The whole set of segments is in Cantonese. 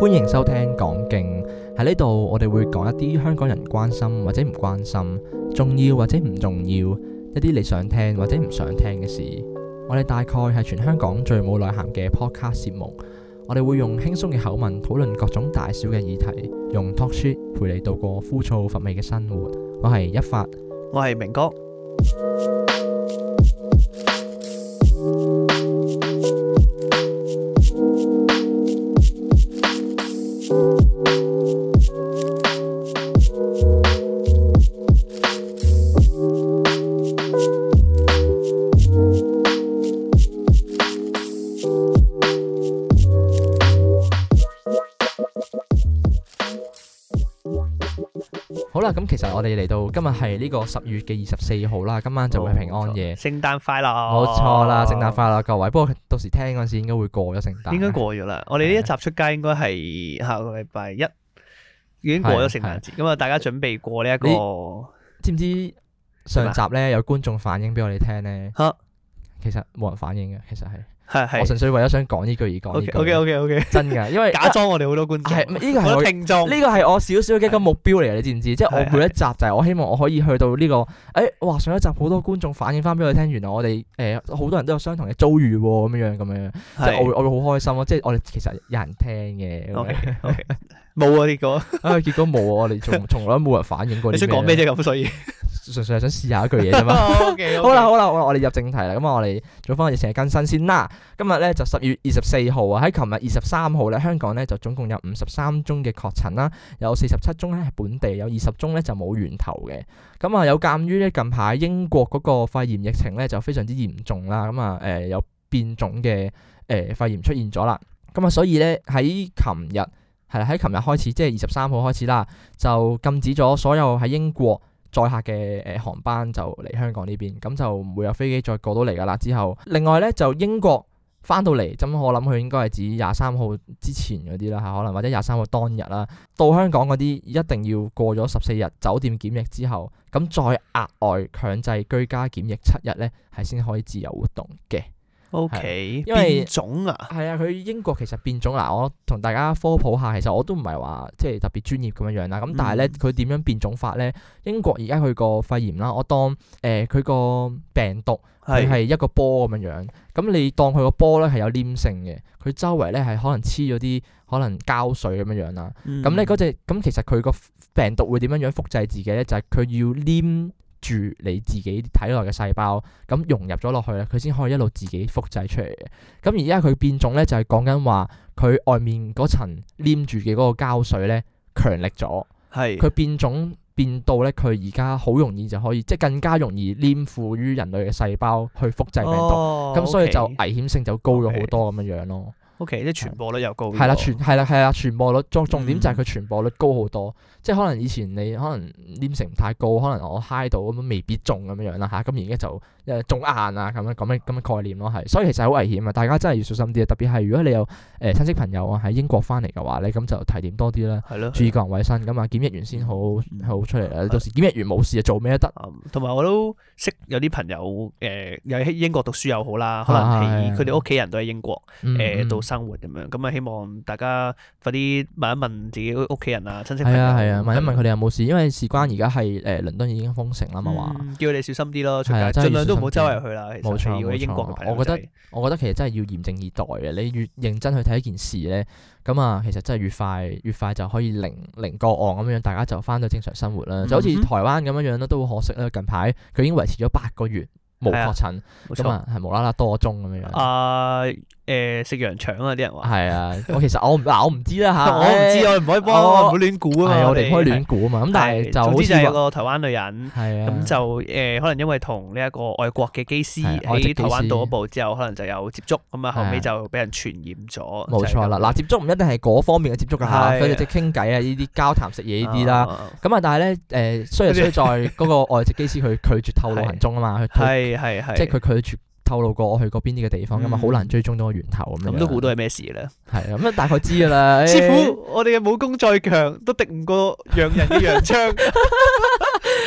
歡迎收聽講經，喺呢度，我哋會講一啲香港人關心或者唔關心，重要或者唔重要，一啲你想聽或者唔想聽嘅事。我哋大概係全香港最冇內涵嘅 podcast 節目。我哋會用輕鬆嘅口吻討論各種大小嘅議題，用 talk shit 陪你度過枯燥乏味嘅生活。我係一發，我係明哥。今日係呢個十月嘅二十四號啦，今晚就會係平安夜，聖誕、哦、快樂，冇錯啦，聖誕快樂、哦、各位。不過到時聽嗰陣時應該會過咗聖誕，應該過咗啦。的我哋呢一集出街應該係下個禮拜一，已經過咗聖誕節。咁啊，大家準備過呢、這、一個？知唔知上集呢有觀眾反映俾我哋聽呢？吓的，其實冇人反映嘅，其實係。係係，我純粹為咗想講呢句而講呢句。OK，OK，OK，真㗎，因為假裝我哋好多觀眾係呢個係我聽眾，呢個係我少少嘅一個目標嚟嘅，你知唔知？即係我每一集就係我希望我可以去到呢個，誒哇上一集好多觀眾反映返俾我聽，原來我哋誒好多人都有相同嘅遭遇喎，咁樣樣咁樣樣，即係我會我會好開心咯，即係我哋其實有人聽嘅。冇啊！結果啊，結果冇啊！我哋從從來冇人反映過、啊。你想講咩啫？咁所以純粹係想試下一句嘢啫嘛。好啦，好啦，我我哋入正題啦。咁啊，我哋做翻個疫情嘅更新先啦。今日咧就十月二十四號啊，喺琴日二十三號咧，香港咧就總共有五十三宗嘅確診啦，有四十七宗咧係本地，有二十宗咧就冇源頭嘅。咁啊，有鑒於咧近排英國嗰個肺炎疫情咧就非常之嚴重啦，咁啊誒有變種嘅誒、呃、肺炎出現咗啦，咁啊所以咧喺琴日。係啦，喺琴日開始，即係二十三號開始啦，就禁止咗所有喺英國載客嘅誒、呃、航班就嚟香港呢邊，咁就唔會有飛機再過到嚟噶啦。之後，另外咧就英國翻到嚟，咁我諗佢應該係指廿三號之前嗰啲啦，係可能或者廿三號當日啦，到香港嗰啲一定要過咗十四日酒店檢疫之後，咁再額外強制居家檢疫七日咧，係先可以自由活動嘅。O Okay , K，因為變種啊，係啊，佢英國其實變種嗱，我同大家科普下，其實我都唔係話即係特別專業咁樣樣啦。咁但係咧，佢點、嗯、樣變種法咧？英國而家佢個肺炎啦，我當誒佢個病毒佢係一個波咁樣樣。咁是你當佢個波咧係有黏性嘅，佢周圍咧係可能黐咗啲可能膠水咁樣樣啦。咁咧嗰隻咁其實佢個病毒會點樣樣複製自己咧？就係、是、佢要黏住你自己體內嘅細胞，咁融入咗落去，佢先可以一路自己複製出嚟嘅。咁而家佢變種咧，就係講緊話佢外面嗰層黏住嘅嗰個膠水咧強力咗，係佢是變種變到咧，佢而家好容易就可以，即係更加容易黏附於人類嘅細胞去複製病毒，咁、oh, okay. 嗯、所以就危險性就高咗好多咁樣樣咯。Okay. O.K. 即係傳播率又高，係啦，傳啦，係啦，傳播率重重點就係佢傳播率高好多，嗯、即係可能以前你可能黏性唔太高，可能我嗨到咁未必中咁樣樣啦嚇，咁而家就誒中硬啊咁樣咁樣咁樣概念咯，係，所以其實好危險啊，大家真係要小心啲啊，特別係如果你有誒親戚朋友啊喺英國翻嚟嘅話咧，咁就提點多啲啦，的注意個人衞生㗎嘛的，檢疫完先好好出嚟啊，的到時檢疫完冇事就做咩都得，同埋、嗯、我都識有啲朋友誒，又、呃、喺英國讀書又好啦，可能係佢哋屋企人都喺英國誒到。生活咁樣，咁啊，希望大家快啲問一問自己屋企人啊、親戚朋友啊，問一問佢哋有冇事，因為事關而家係誒倫敦已經封城啦嘛話，叫你小心啲咯，係、啊、盡量都唔好周圍去啦。冇、啊、錯，冇錯、就是。我覺得我覺得其實真係要嚴正以待嘅，你越認真去睇一件事咧，咁、嗯、啊，其實真係越快越快就可以零零個案咁樣，大家就翻到正常生活啦。嗯、就好似台灣咁樣樣都好可惜啦。近排佢已經維持咗八個月冇確診，咁啊係無啦啦多宗咁樣。啊、嗯！Uh, 誒食羊腸啊！啲人話係啊，我其實我嗱我唔知啦嚇，我唔知我唔可以幫，唔好亂估啊嘛。係我哋唔可以亂估啊嘛。咁但係就好似就係一個台灣女人咁就誒，可能因為同呢一個外國嘅機師喺台灣到一步之後，可能就有接觸咁啊，後尾就俾人傳染咗。冇錯啦，嗱接觸唔一定係嗰方面嘅接觸㗎嚇，所以即係傾偈啊，呢啲交談食嘢呢啲啦。咁啊，但係咧誒，雖然雖在嗰個外籍機師佢拒絕透露行蹤啊嘛，係係係，即係佢拒絕。透露過我去過邊啲嘅地方㗎嘛，好、嗯、難追蹤到個源頭咁、嗯、樣。咁都估到係咩事啦？係咁，大概知㗎啦。 師傅父，欸、我哋嘅武功再強都敵唔過洋人嘅洋槍。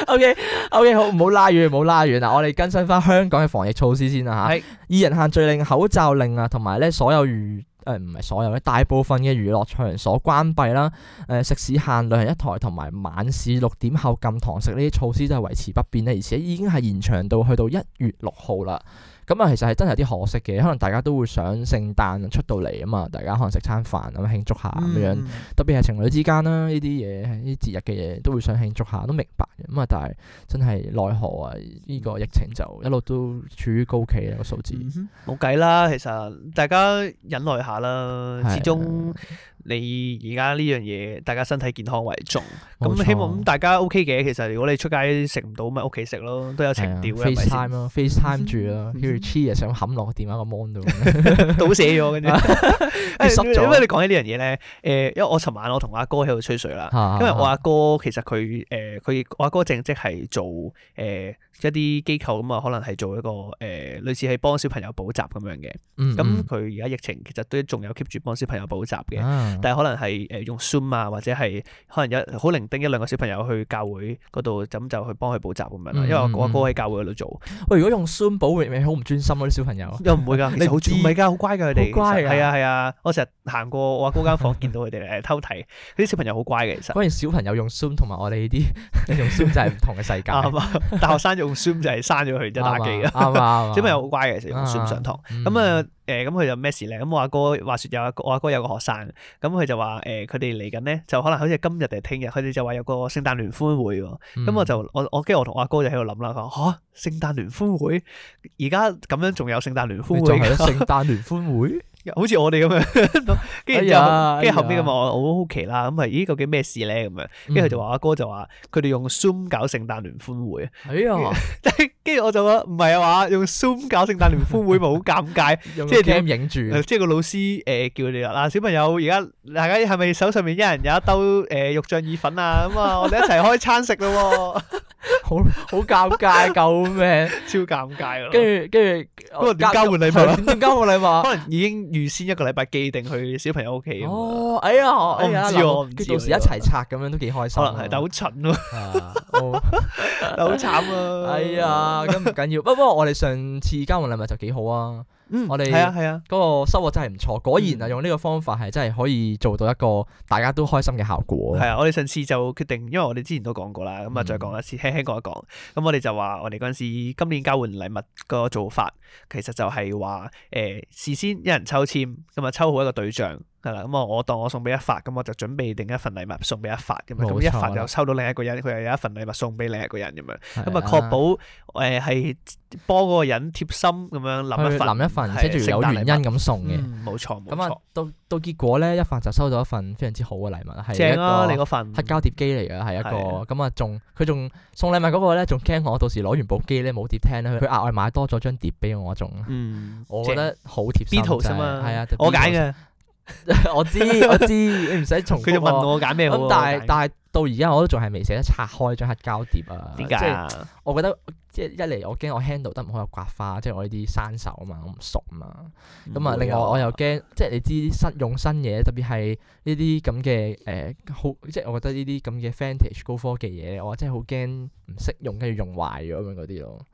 O K O K，好，唔好拉遠，唔好拉遠啦， 我哋更新翻香港嘅防疫措施先啦嚇。係是，二人限聚令、口罩令啊，同埋咧所有預。誒唔係所有咧，大部分嘅娛樂場所關閉啦，誒、呃、食肆限兩人一台，同埋晚市六點後禁堂食呢啲措施都係維持不變咧，而且已經係延長到去到一月六號啦。咁啊，其實係真係有啲可惜嘅，可能大家都會想聖誕出到嚟啊嘛，大家可能食餐飯咁慶祝下咁樣，嗯、特別係情侶之間啦，呢啲嘢呢節日嘅嘢都會想慶祝下，都明白嘅。咁啊，但係真係奈何啊。呢、呢個疫情就一路都處於高企嘅、啊、個數字，冇計啦。其實大家忍耐下啦，始終。你而家呢樣嘢，大家身體健康為重，咁希望大家 OK 嘅。其實如果你出街食唔到，咪屋企食咯，都有情調嘅，係咪先？FaceTime 咯，FaceTime 住啦。佢哋真係想冚落個電話個 mon 度，倒瀉咗跟住。因為你講起呢樣嘢咧，誒，因為我尋晚我同阿哥喺度吹水啦。因為我阿哥其實佢誒，佢我阿哥正職係做誒一啲機構咁啊，可能係做一個誒類似係幫小朋友補習咁樣嘅。咁佢而家疫情其實都仲有 keep 住幫小朋友補習嘅。但係可能係誒用 Zoom 啊，或者係可能有好零丁一兩個小朋友去教會嗰度，咁就去幫佢補習咁樣啦。因為我阿哥喺教會嗰度做，嗯。喂，如果用 Zoom 補會唔會好唔專心嗰啲小朋友？又唔會噶，你好專。唔係噶，好乖噶佢哋。好乖啊！係啊係啊，我成日行過我阿哥，哥房間房，見到佢哋， 呃、偷睇。啲小朋友好乖嘅，其實。果然小朋友用 Zoom 同埋我哋呢啲用 Zoom 就係唔同嘅世界。 大學生用 Zoom 就係刪咗佢，即打機啦。 小朋友好乖嘅，成日用 Zoom 上堂。咁啊， 嗯。誒，咁佢就咩事咧？咁我阿哥話說有我阿哥，我哥有個學生，咁佢就話誒，佢哋嚟緊咧，就可能好似今日定係聽日，佢哋就話有個聖誕聯歡會喎。咁我就我我跟住我同我阿哥就喺度諗啦，佢話吓聖誕聯歡會，而家咁樣仲有聖誕聯歡會？聖誕聯歡會？ 好似我哋咁樣 就，跟住就跟住後邊，咁我好好奇啦，咁係咦？究竟咩事咧？咁樣，跟住佢就話阿哥就話佢哋用 Zoom 搞聖誕聯歡會啊！哎呀，跟住我就話唔係啊嘛，用 Zoom 搞聖誕聯歡會咪好尷尬，即係 g 影住，即係個老師誒、呃、叫你啦！嗱、啊，小朋友而家大家係咪手上面一人有一兜誒肉醬意粉啊？咁啊，我哋一齊開餐食咯、啊。」 好好尷尬，救命？超尷尬咯！跟住跟住，點交換禮物？點 交換禮物？ 可能已經預先一個禮拜寄定去小朋友屋企。哦，哎呀，我唔知、哎、呀我佢想到時一齊拆咁樣的都幾開心。可能係，但好蠢咯、啊，好 慘啊！ 哎呀，咁唔緊要。不過我哋上次交換禮物就幾好啊。嗯，我哋係啊，係啊，嗰個收穫真係唔錯，嗯、果然啊用呢個方法係真係可以做到一個大家都開心嘅效果。係、嗯、啊，我哋上次就決定，因為我哋之前都講過啦，咁啊再講一次，輕輕講一講。咁我哋就話我哋嗰陣時今年交換禮物個做法，其實就係話誒，事先一人抽簽，咁啊抽好一個對象。係啦，咁啊，我當我送俾一發，咁我就準備定一份禮物送俾一發，咁啊，咁一發就收到另一個人，佢又有一份禮物送俾另一個人咁樣，咁啊，確保誒係幫嗰個人貼心咁樣諗一份，諗一份，跟住有原因咁送嘅，冇錯。咁啊，到到結果咧，一發就收到一份非常之好嘅禮物，係你份黑膠碟機嚟嘅，係一個，咁啊，仲佢仲送禮物嗰個咧，仲驚我到時攞完部機咧冇碟聽，佢額外買多咗張碟俾我，仲，我覺得好貼心，B 圖啫嘛，我揀嘅。 我知我知， 你唔使重、啊。佢就問我揀咩、啊？咁但係但係到而家我都仲係未捨得拆開張黑膠碟啊！點解？即我覺得即係一嚟我驚我 handle 得唔好有刮花，即係我呢啲生手啊嘛，我唔熟啊嘛。咁啊，另外我又驚即係你知新用新嘢，特別係呢啲咁嘅誒，好即係我覺得呢啲咁嘅 vintage 高科技嘢，我真係好驚唔識用，跟住用壞咗咁樣啲咯。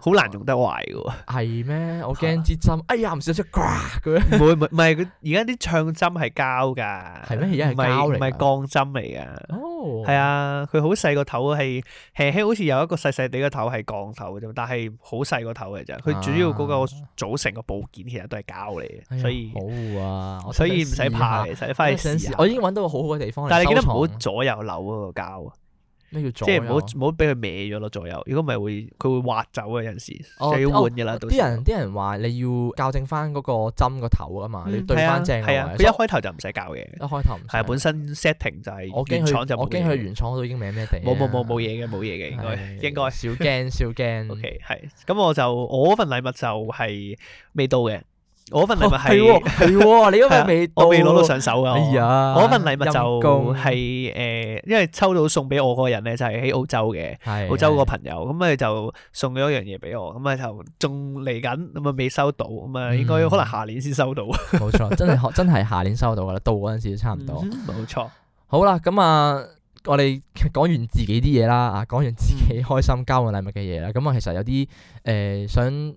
好難用得壞嘅喎，係咩、啊？我驚支針，啊、哎呀唔小心，呱嘅唔會唔係佢而家啲唱針係膠㗎，係咩？而家係膠唔係鋼針嚟嘅。哦，係啊，佢好細個頭，係輕輕好似有一個細細哋個頭係鋼頭嘅啫，但係好細個頭嘅啫。佢主要嗰個組成個部件其實都係膠嚟嘅，啊、所以、哎、好啊，所以唔使怕其實你翻去，去我已經揾到個好好嘅地方，但係你記得唔好左右扭嗰個膠啊。咩叫即係唔好唔好俾佢歪咗咯左右。如果唔係會佢會滑走啊！有陣時就要換噶啦。都啲人啲人話你要校正翻嗰個針個頭啊嘛，你對翻正啊。係啊，佢一開頭就唔使校嘅，一開頭唔使。係本身 setting 就係原廠，就我驚佢原廠嗰度已經歪咩地。冇冇冇冇嘢嘅冇嘢嘅，應該應該。少驚少驚。OK，係。咁我就我份禮物就係未到嘅。我份禮物係係你嗰份未，我未攞到上手啊。哎呀，我份禮物就係誒，因為抽到送俾我個人咧，就係喺澳洲嘅澳洲個朋友，咁咪就送咗一樣嘢俾我，咁咪就仲嚟緊，咁咪未收到，咁咪應該可能下年先收到。冇錯，真係學真係下年收到噶啦，到嗰陣時都差唔多。冇錯。好啦，咁啊，我哋講完自己啲嘢啦，啊，講完自己開心交換禮物嘅嘢啦，咁啊，其實有啲誒想。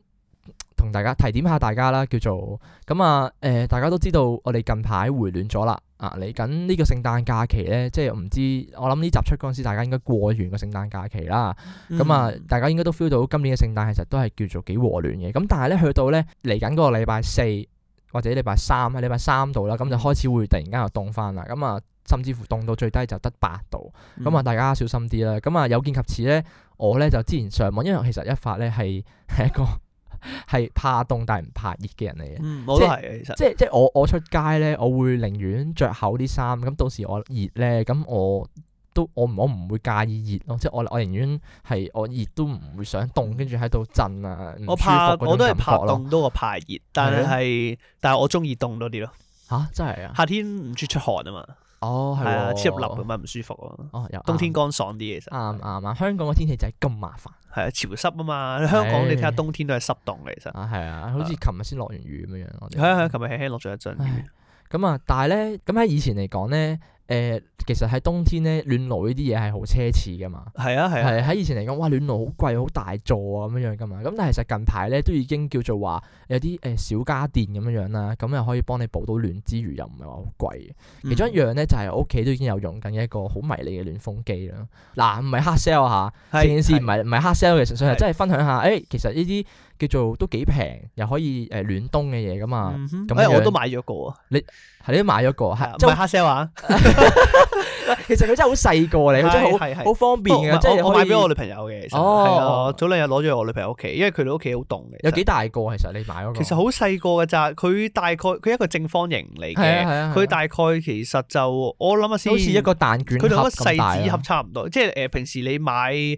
同大家提點下大家啦，叫做咁啊，誒、嗯呃，大家都知道我哋近排回暖咗啦，啊，嚟緊呢個聖誕假期咧，即係唔知我諗呢集出嗰陣時，大家應該過完個聖誕假期啦。咁、嗯、啊，大家應該都 feel 到今年嘅聖誕其實都係叫做幾和暖嘅。咁但係咧，去到咧嚟緊嗰個禮拜四或者禮拜三喺禮拜三度啦，咁就開始會突然間又凍翻啦。咁啊，甚至乎凍到最低就得八度。咁、嗯、啊，大家小心啲啦。咁啊，有見及此咧，我咧就之前上網，因為其實一發咧係係一個。 係怕凍，但係唔怕熱嘅人嚟嘅。嗯，我都係，是其實即係即係我我出街咧，我會寧願着厚啲衫，咁到時我熱咧，咁我都我我唔會介意熱咯，即係我寧願我寧願係我熱都唔會想凍，跟住喺度震啊，我怕我都係怕凍多過怕熱，但係但係我中意凍多啲咯，吓真係啊，啊夏天唔中意出汗啊嘛。哦，係啊，黐入笠咪唔舒服咯。哦，冬天乾爽啲，嗯，其實啱啱啊。香港嘅天氣就係咁麻煩，係啊，潮濕啊嘛。香港你睇下冬天都係濕凍嘅。哎，其實啊，係啊，啊好似琴日先落完雨咁樣樣。係啊，係啊，琴日輕輕落咗一陣雨咁啊，但係咧，咁喺以前嚟講咧。誒，其實喺冬天咧，暖爐呢啲嘢係好奢侈噶嘛。係 啊，係啊。係喺以前嚟講，哇，暖爐好貴，好大座啊咁樣樣噶嘛。咁但係其實近排咧，都已經叫做話有啲誒小家電咁樣樣啦，咁又可以幫你補到暖之餘，又唔係話好貴。其中一樣咧，就係屋企都已經有用緊一個好迷你嘅暖風機啦。嗱、啊，唔係黑 sell 嚇、啊，成是件事唔係唔係黑 sell 嘅，純粹真係分享下。誒、哎，其實呢啲叫做都幾平，又可以誒暖冬嘅嘢噶嘛。誒、哎，我都買咗個。你？係你都買咗個，係即係唔係黑 sell 啊！其實佢真係好細個，你真係好方便嘅，即係買俾我女朋友嘅。哦，早兩日攞咗去我女朋友屋企，因為佢哋屋企好凍嘅。有幾大個？其實你買咗個？其實好細個噶咋？佢大概佢一個正方形嚟嘅，佢大概其實就我諗下先，好似一個蛋卷盒，佢同個細紙盒差唔多，即係誒，平時你買誒，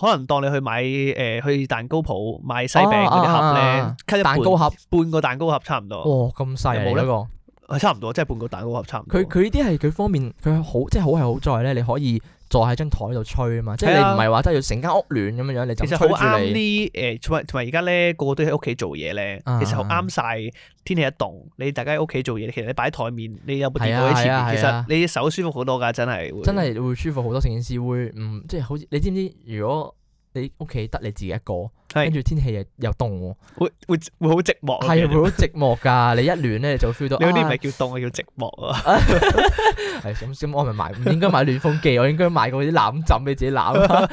可能當你去買誒去蛋糕鋪買西餅嗰啲盒咧，蛋糕盒，半個蛋糕盒差唔多。哇，咁細冇呢個係差唔多，即係半個蛋糕盒。差唔多。佢佢呢啲係佢方面，佢好即係好係好在咧，你可以坐喺張台度吹啊嘛，嗯、即係你唔係話真係要成間屋暖咁樣樣，你就吹住你其實好啱、呃、呢，誒，同埋同埋而家咧，個個都喺屋企做嘢咧，其實啱晒天氣一度，你大家喺屋企做嘢，其實你擺喺台面，你有部電腦喺前面，啊啊啊、其實你手舒服好多噶，真係。真係會舒服好多，多，成件事會唔即係好似你知唔知？如果你屋企得你自己一個，跟住天氣又又凍，會會會好寂寞。係啊，會好寂寞噶，你一暖咧就 feel 到。有啲唔係叫凍啊，叫寂寞啊。係咁咁，我咪買唔應該買暖風機，我應該買個啲攬枕俾自己攬。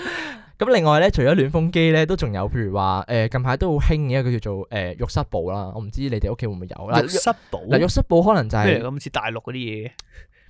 咁另外咧，除咗暖風機咧，都仲有譬如話誒，近排都好興嘅一個叫做誒浴室寶啦。我唔知你哋屋企會唔會有。浴室寶，嗱浴室寶可能就係咁似大陸嗰啲嘢。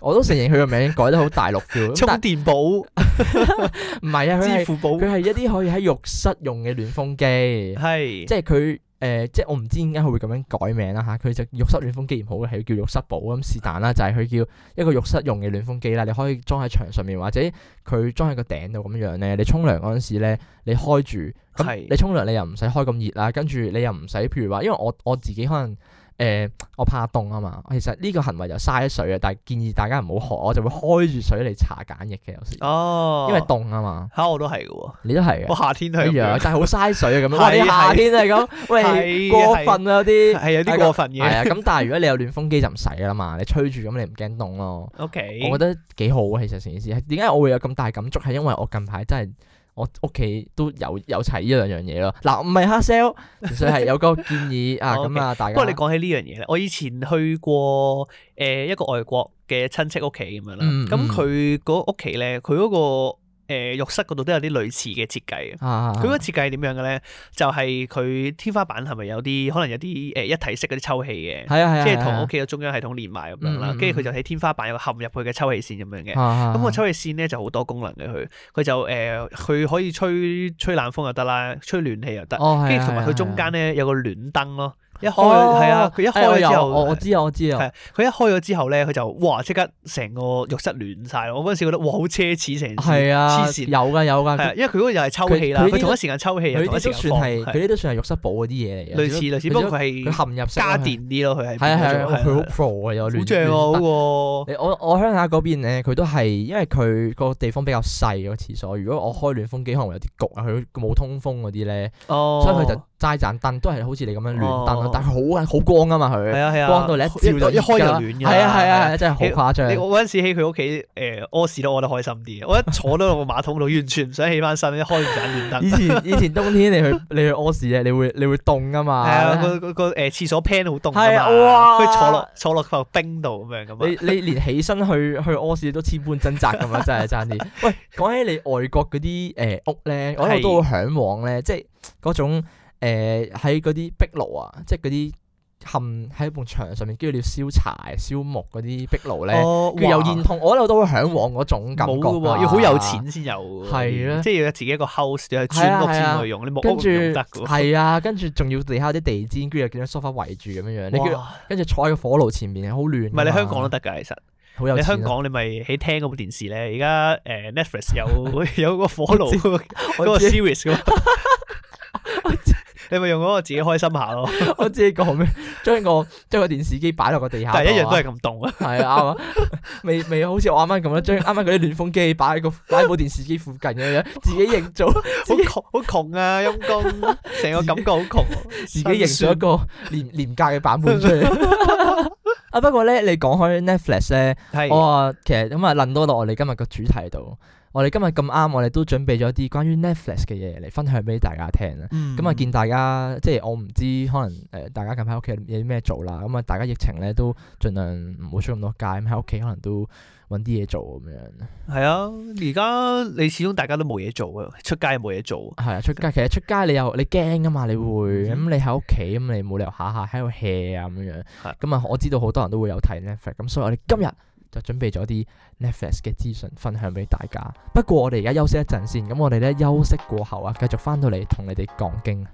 我都承認佢個名改得好大陸調，充電寶唔係啊， 是支付寶。佢係一啲可以喺浴室用嘅暖風機，係是即係佢誒，即係我唔知點解佢會咁樣改名啦吓，佢就浴室暖風機唔好嘅係叫浴室寶咁，是但啦，就係、是、佢叫一個浴室用嘅暖風機啦，你可以裝喺牆上面或者佢裝喺個頂度咁樣咧，你沖涼嗰陣時咧，你開住咁，你沖涼你又唔使開咁熱啦，跟住你又唔使譬如話，因為我我自己可能。誒、欸，我怕凍啊嘛，其實呢個行為就嘥水啊，但係建議大家唔好學，我就會開住水嚟搽梘液嘅有時，哦，因為凍啊嘛，哈、哦，我都係喎，你都係，我夏天都一樣、嗯，但係好嘥水啊咁樣，係 的、欸、夏天係、啊、咁， 喂，的過分啊啲，係的的有啲過分嘅的，係啊， 咁但係如果你有暖風機就唔使啦嘛，你吹住咁你唔驚凍咯，OK，我覺得幾好啊，其實成件事，點解我會有咁大感觸，係因為我近排真係。我屋企都有有齊呢兩樣嘢咯，嗱唔係 hard sell，純粹係有個建議 啊，咁啊大家 Okay. 不過你講起呢樣嘢咧，我以前去過誒一個外國嘅親戚屋企咁樣啦，咁佢嗰屋企咧，佢嗰個，那個。誒浴室嗰度都有啲類似嘅設計，佢個設計係點樣嘅咧？就係佢天花板係咪有啲可能有啲誒一體式嗰啲抽氣嘅？係啊係啊，即係同屋企嘅中央系統連埋咁樣啦。跟住佢就喺天花板有陷入去嘅抽氣扇咁樣嘅。咁個抽氣扇咧就好多功能嘅佢，佢就誒佢可以吹吹冷風又得啦，吹暖氣又得。跟住同埋佢中間咧有個暖燈咯。一開係啊，佢一開咗之後，我知啊，我知啊，佢一開咗之後咧，佢就哇，即刻成個浴室暖晒。我嗰陣時覺得哇，好奢侈成，係啊，有噶有噶，因為佢嗰個又係抽氣啦，佢同一時間抽氣，佢啲都算係，佢啲都算係浴室寶嗰啲嘢嚟嘅。類似類似，不過佢係佢嵌入式家電啲咯，佢係佢好 pro 好正啊嗰個。我我鄉下嗰邊咧，佢都係因為佢個地方比較細個廁所，如果我開暖風機可能會有啲焗啊，佢冇通風嗰啲咧，哦，所以佢就。齋盞燈都係好似你咁樣暖燈咯，但係好好光啊嘛，佢，光到你一開就暖嘅，係啊係啊係啊，真係好誇張。我嗰陣時喺佢屋企誒屙屎都屙得開心啲，我一坐到落個馬桶度完全唔想起翻身，一開盞暖燈。以前以前冬天你去你去屙屎咧，你會你會凍噶嘛，係啊個誒廁所 pan 好凍噶嘛，哇！坐落坐落塊冰度咁樣咁。你你連起身去去屙屎都千般掙扎咁樣真係爭啲。喂，講起你外國嗰啲誒屋咧，我喺度都好向往咧，即係嗰種。誒，喺嗰啲壁爐啊，即係嗰啲嵌喺埲牆上面，跟住你燒柴、燒木嗰啲壁爐咧，佢有煙囪，我一路都會向往嗰種感覺。冇嘅喎，要好有錢先有，係咯，即係要自己一個 house 要磚屋磚嚟用，你木屋用唔得嘅。係啊，跟住仲要地下啲地氈，跟住又見咗 sofa 圍住咁樣樣，你跟住坐喺個火爐前面，好亂。唔係你香港都得噶，其實好有錢。你香港你咪喺廳嗰部電視咧，而家誒 Netflix 有有個火爐嗰個 series 嘅。你咪用嗰個自己開心下咯， 我自己講咩？將個將個電視機擺落個地下，但一日都係咁凍啊！係啊，啱啊，未未好似我啱啱咁樣，將啱啱嗰啲暖風機擺喺個擺部電視機附近咁樣，自己營造好窮好窮啊，陰功，成個感覺好窮，自己營深酸 造一個廉廉價嘅版本出嚟啊！不過咧，你講開 Netflix 咧，是的 我啊，其實咁啊，論多落我哋今日個主題度。我哋今日咁啱，我哋都準備咗啲關於 Netflix 嘅嘢嚟分享俾大家聽啦。咁啊，見大家即係我唔知可能誒，大家近排屋企有啲咩做啦。咁啊，大家疫情咧都盡量唔好出咁多街，喺屋企可能都揾啲嘢做咁樣。係啊，而家你始終大家都冇嘢做，出街冇嘢做。係啊，出街其實出街你又你驚噶嘛，你會咁、嗯嗯、你喺屋企咁你冇理由下下喺度 hea 啊咁樣。咁啊係、嗯嗯，我知道好多人都會有睇 Netflix，咁所以我哋今日，就準備咗啲 Netflix 嘅資訊分享俾大家。不過我哋而家休息一陣先，咁我哋咧休息過後啊，繼續翻到嚟同你哋講經。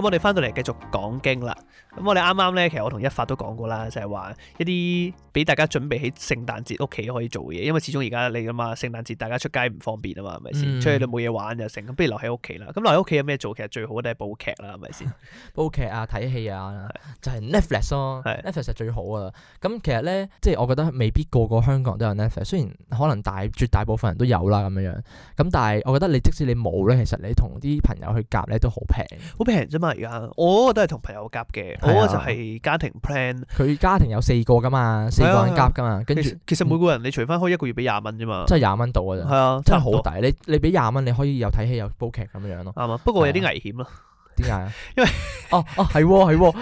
咁我哋翻到嚟繼續講經啦。咁我哋啱啱咧，其實我同一發都講過啦，就係、是、話一啲俾大家準備喺聖誕節屋企可以做嘢，因為始終而家你啊嘛，聖誕節大家出街唔方便啊嘛，係咪先？嗯、出去都冇嘢玩就成，咁不如留喺屋企啦。咁留喺屋企有咩做？其實最好都係煲劇啦，係咪先？煲劇 啊，睇戲啊，是就係 Net、啊、是 Netflix 咯。Netflix 係最好啊。咁其實咧，即、就、係、是、我覺得未必個個香港都有 Netflix，雖然可能大絕大部分人都有啦咁樣樣。咁但係我覺得你即使你冇咧，其實你同啲朋友去夾咧都好平，好平啫嘛。係啊，我都係同朋友夾嘅，我嗰個就係家庭 plan。佢家庭有四個噶嘛，四個人夾噶嘛，啊啊、跟住著其，其實每個人你除翻開一個月俾廿蚊啫嘛，即係廿蚊到噶咋，係啊，真係好抵。你你俾廿蚊，你可以又睇戲又煲劇咁樣咯。係嘛、啊，不過有啲危險咯。 因為哦哦係係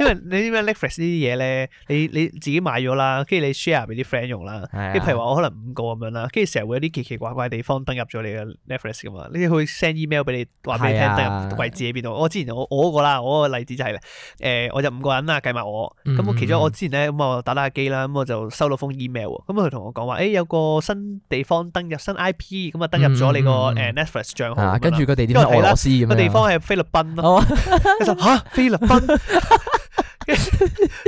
你，因為你知唔知 Netflix 呢啲嘢咧？你你自己買咗啦，跟住你 share 俾啲 friend 用啦。即譬如話我可能五個咁樣啦，跟住成日會有啲奇奇怪怪嘅地方登入咗你嘅 Netflix 噶嘛，你佢 send email 俾你，話俾你聽登入位置喺邊度？是啊、我之前我我嗰個啦，我個例子就係、是、誒、呃，我就五個人啦，計埋我，咁我其中我之前咧咁、嗯嗯、我打打下機啦，咁我就收到封 email，咁佢同我講話誒，有個新地方登入新 IP，咁啊登入咗你個誒 Netflix 賬號，跟住個地點係我私嘅，個地方係。菲律賓咯、啊，佢就嚇菲律賓，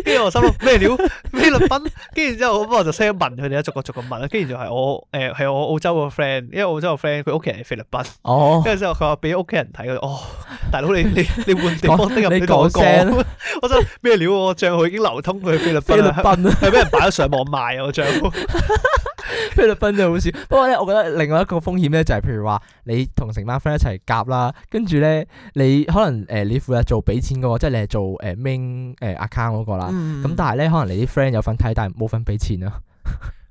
跟住我心諗咩料？菲律賓，跟 住之後我幫我就 send 問佢哋，逐個逐個問啊。跟住就係我誒係我澳洲個 friend，因為澳洲個 friend 佢屋企人係菲律賓，跟住、哦、之後佢話俾屋企人睇，哦，大佬你你你換地方登入你講聲，我心咩料？我個帳號已經流通佢去菲律賓、啊，係咩、啊、 人擺咗上網賣我、啊、帳號？菲律賓真係好笑，不過咧，我覺得另外一個風險咧就係，譬如話你同成班 friend 一齊夾啦，跟住咧你可能誒你負責做俾錢嗰個，即係你係做誒 main 誒 account 嗰個啦，咁、嗯、但係咧可能你啲 friend 有份睇，但係冇份俾錢啊。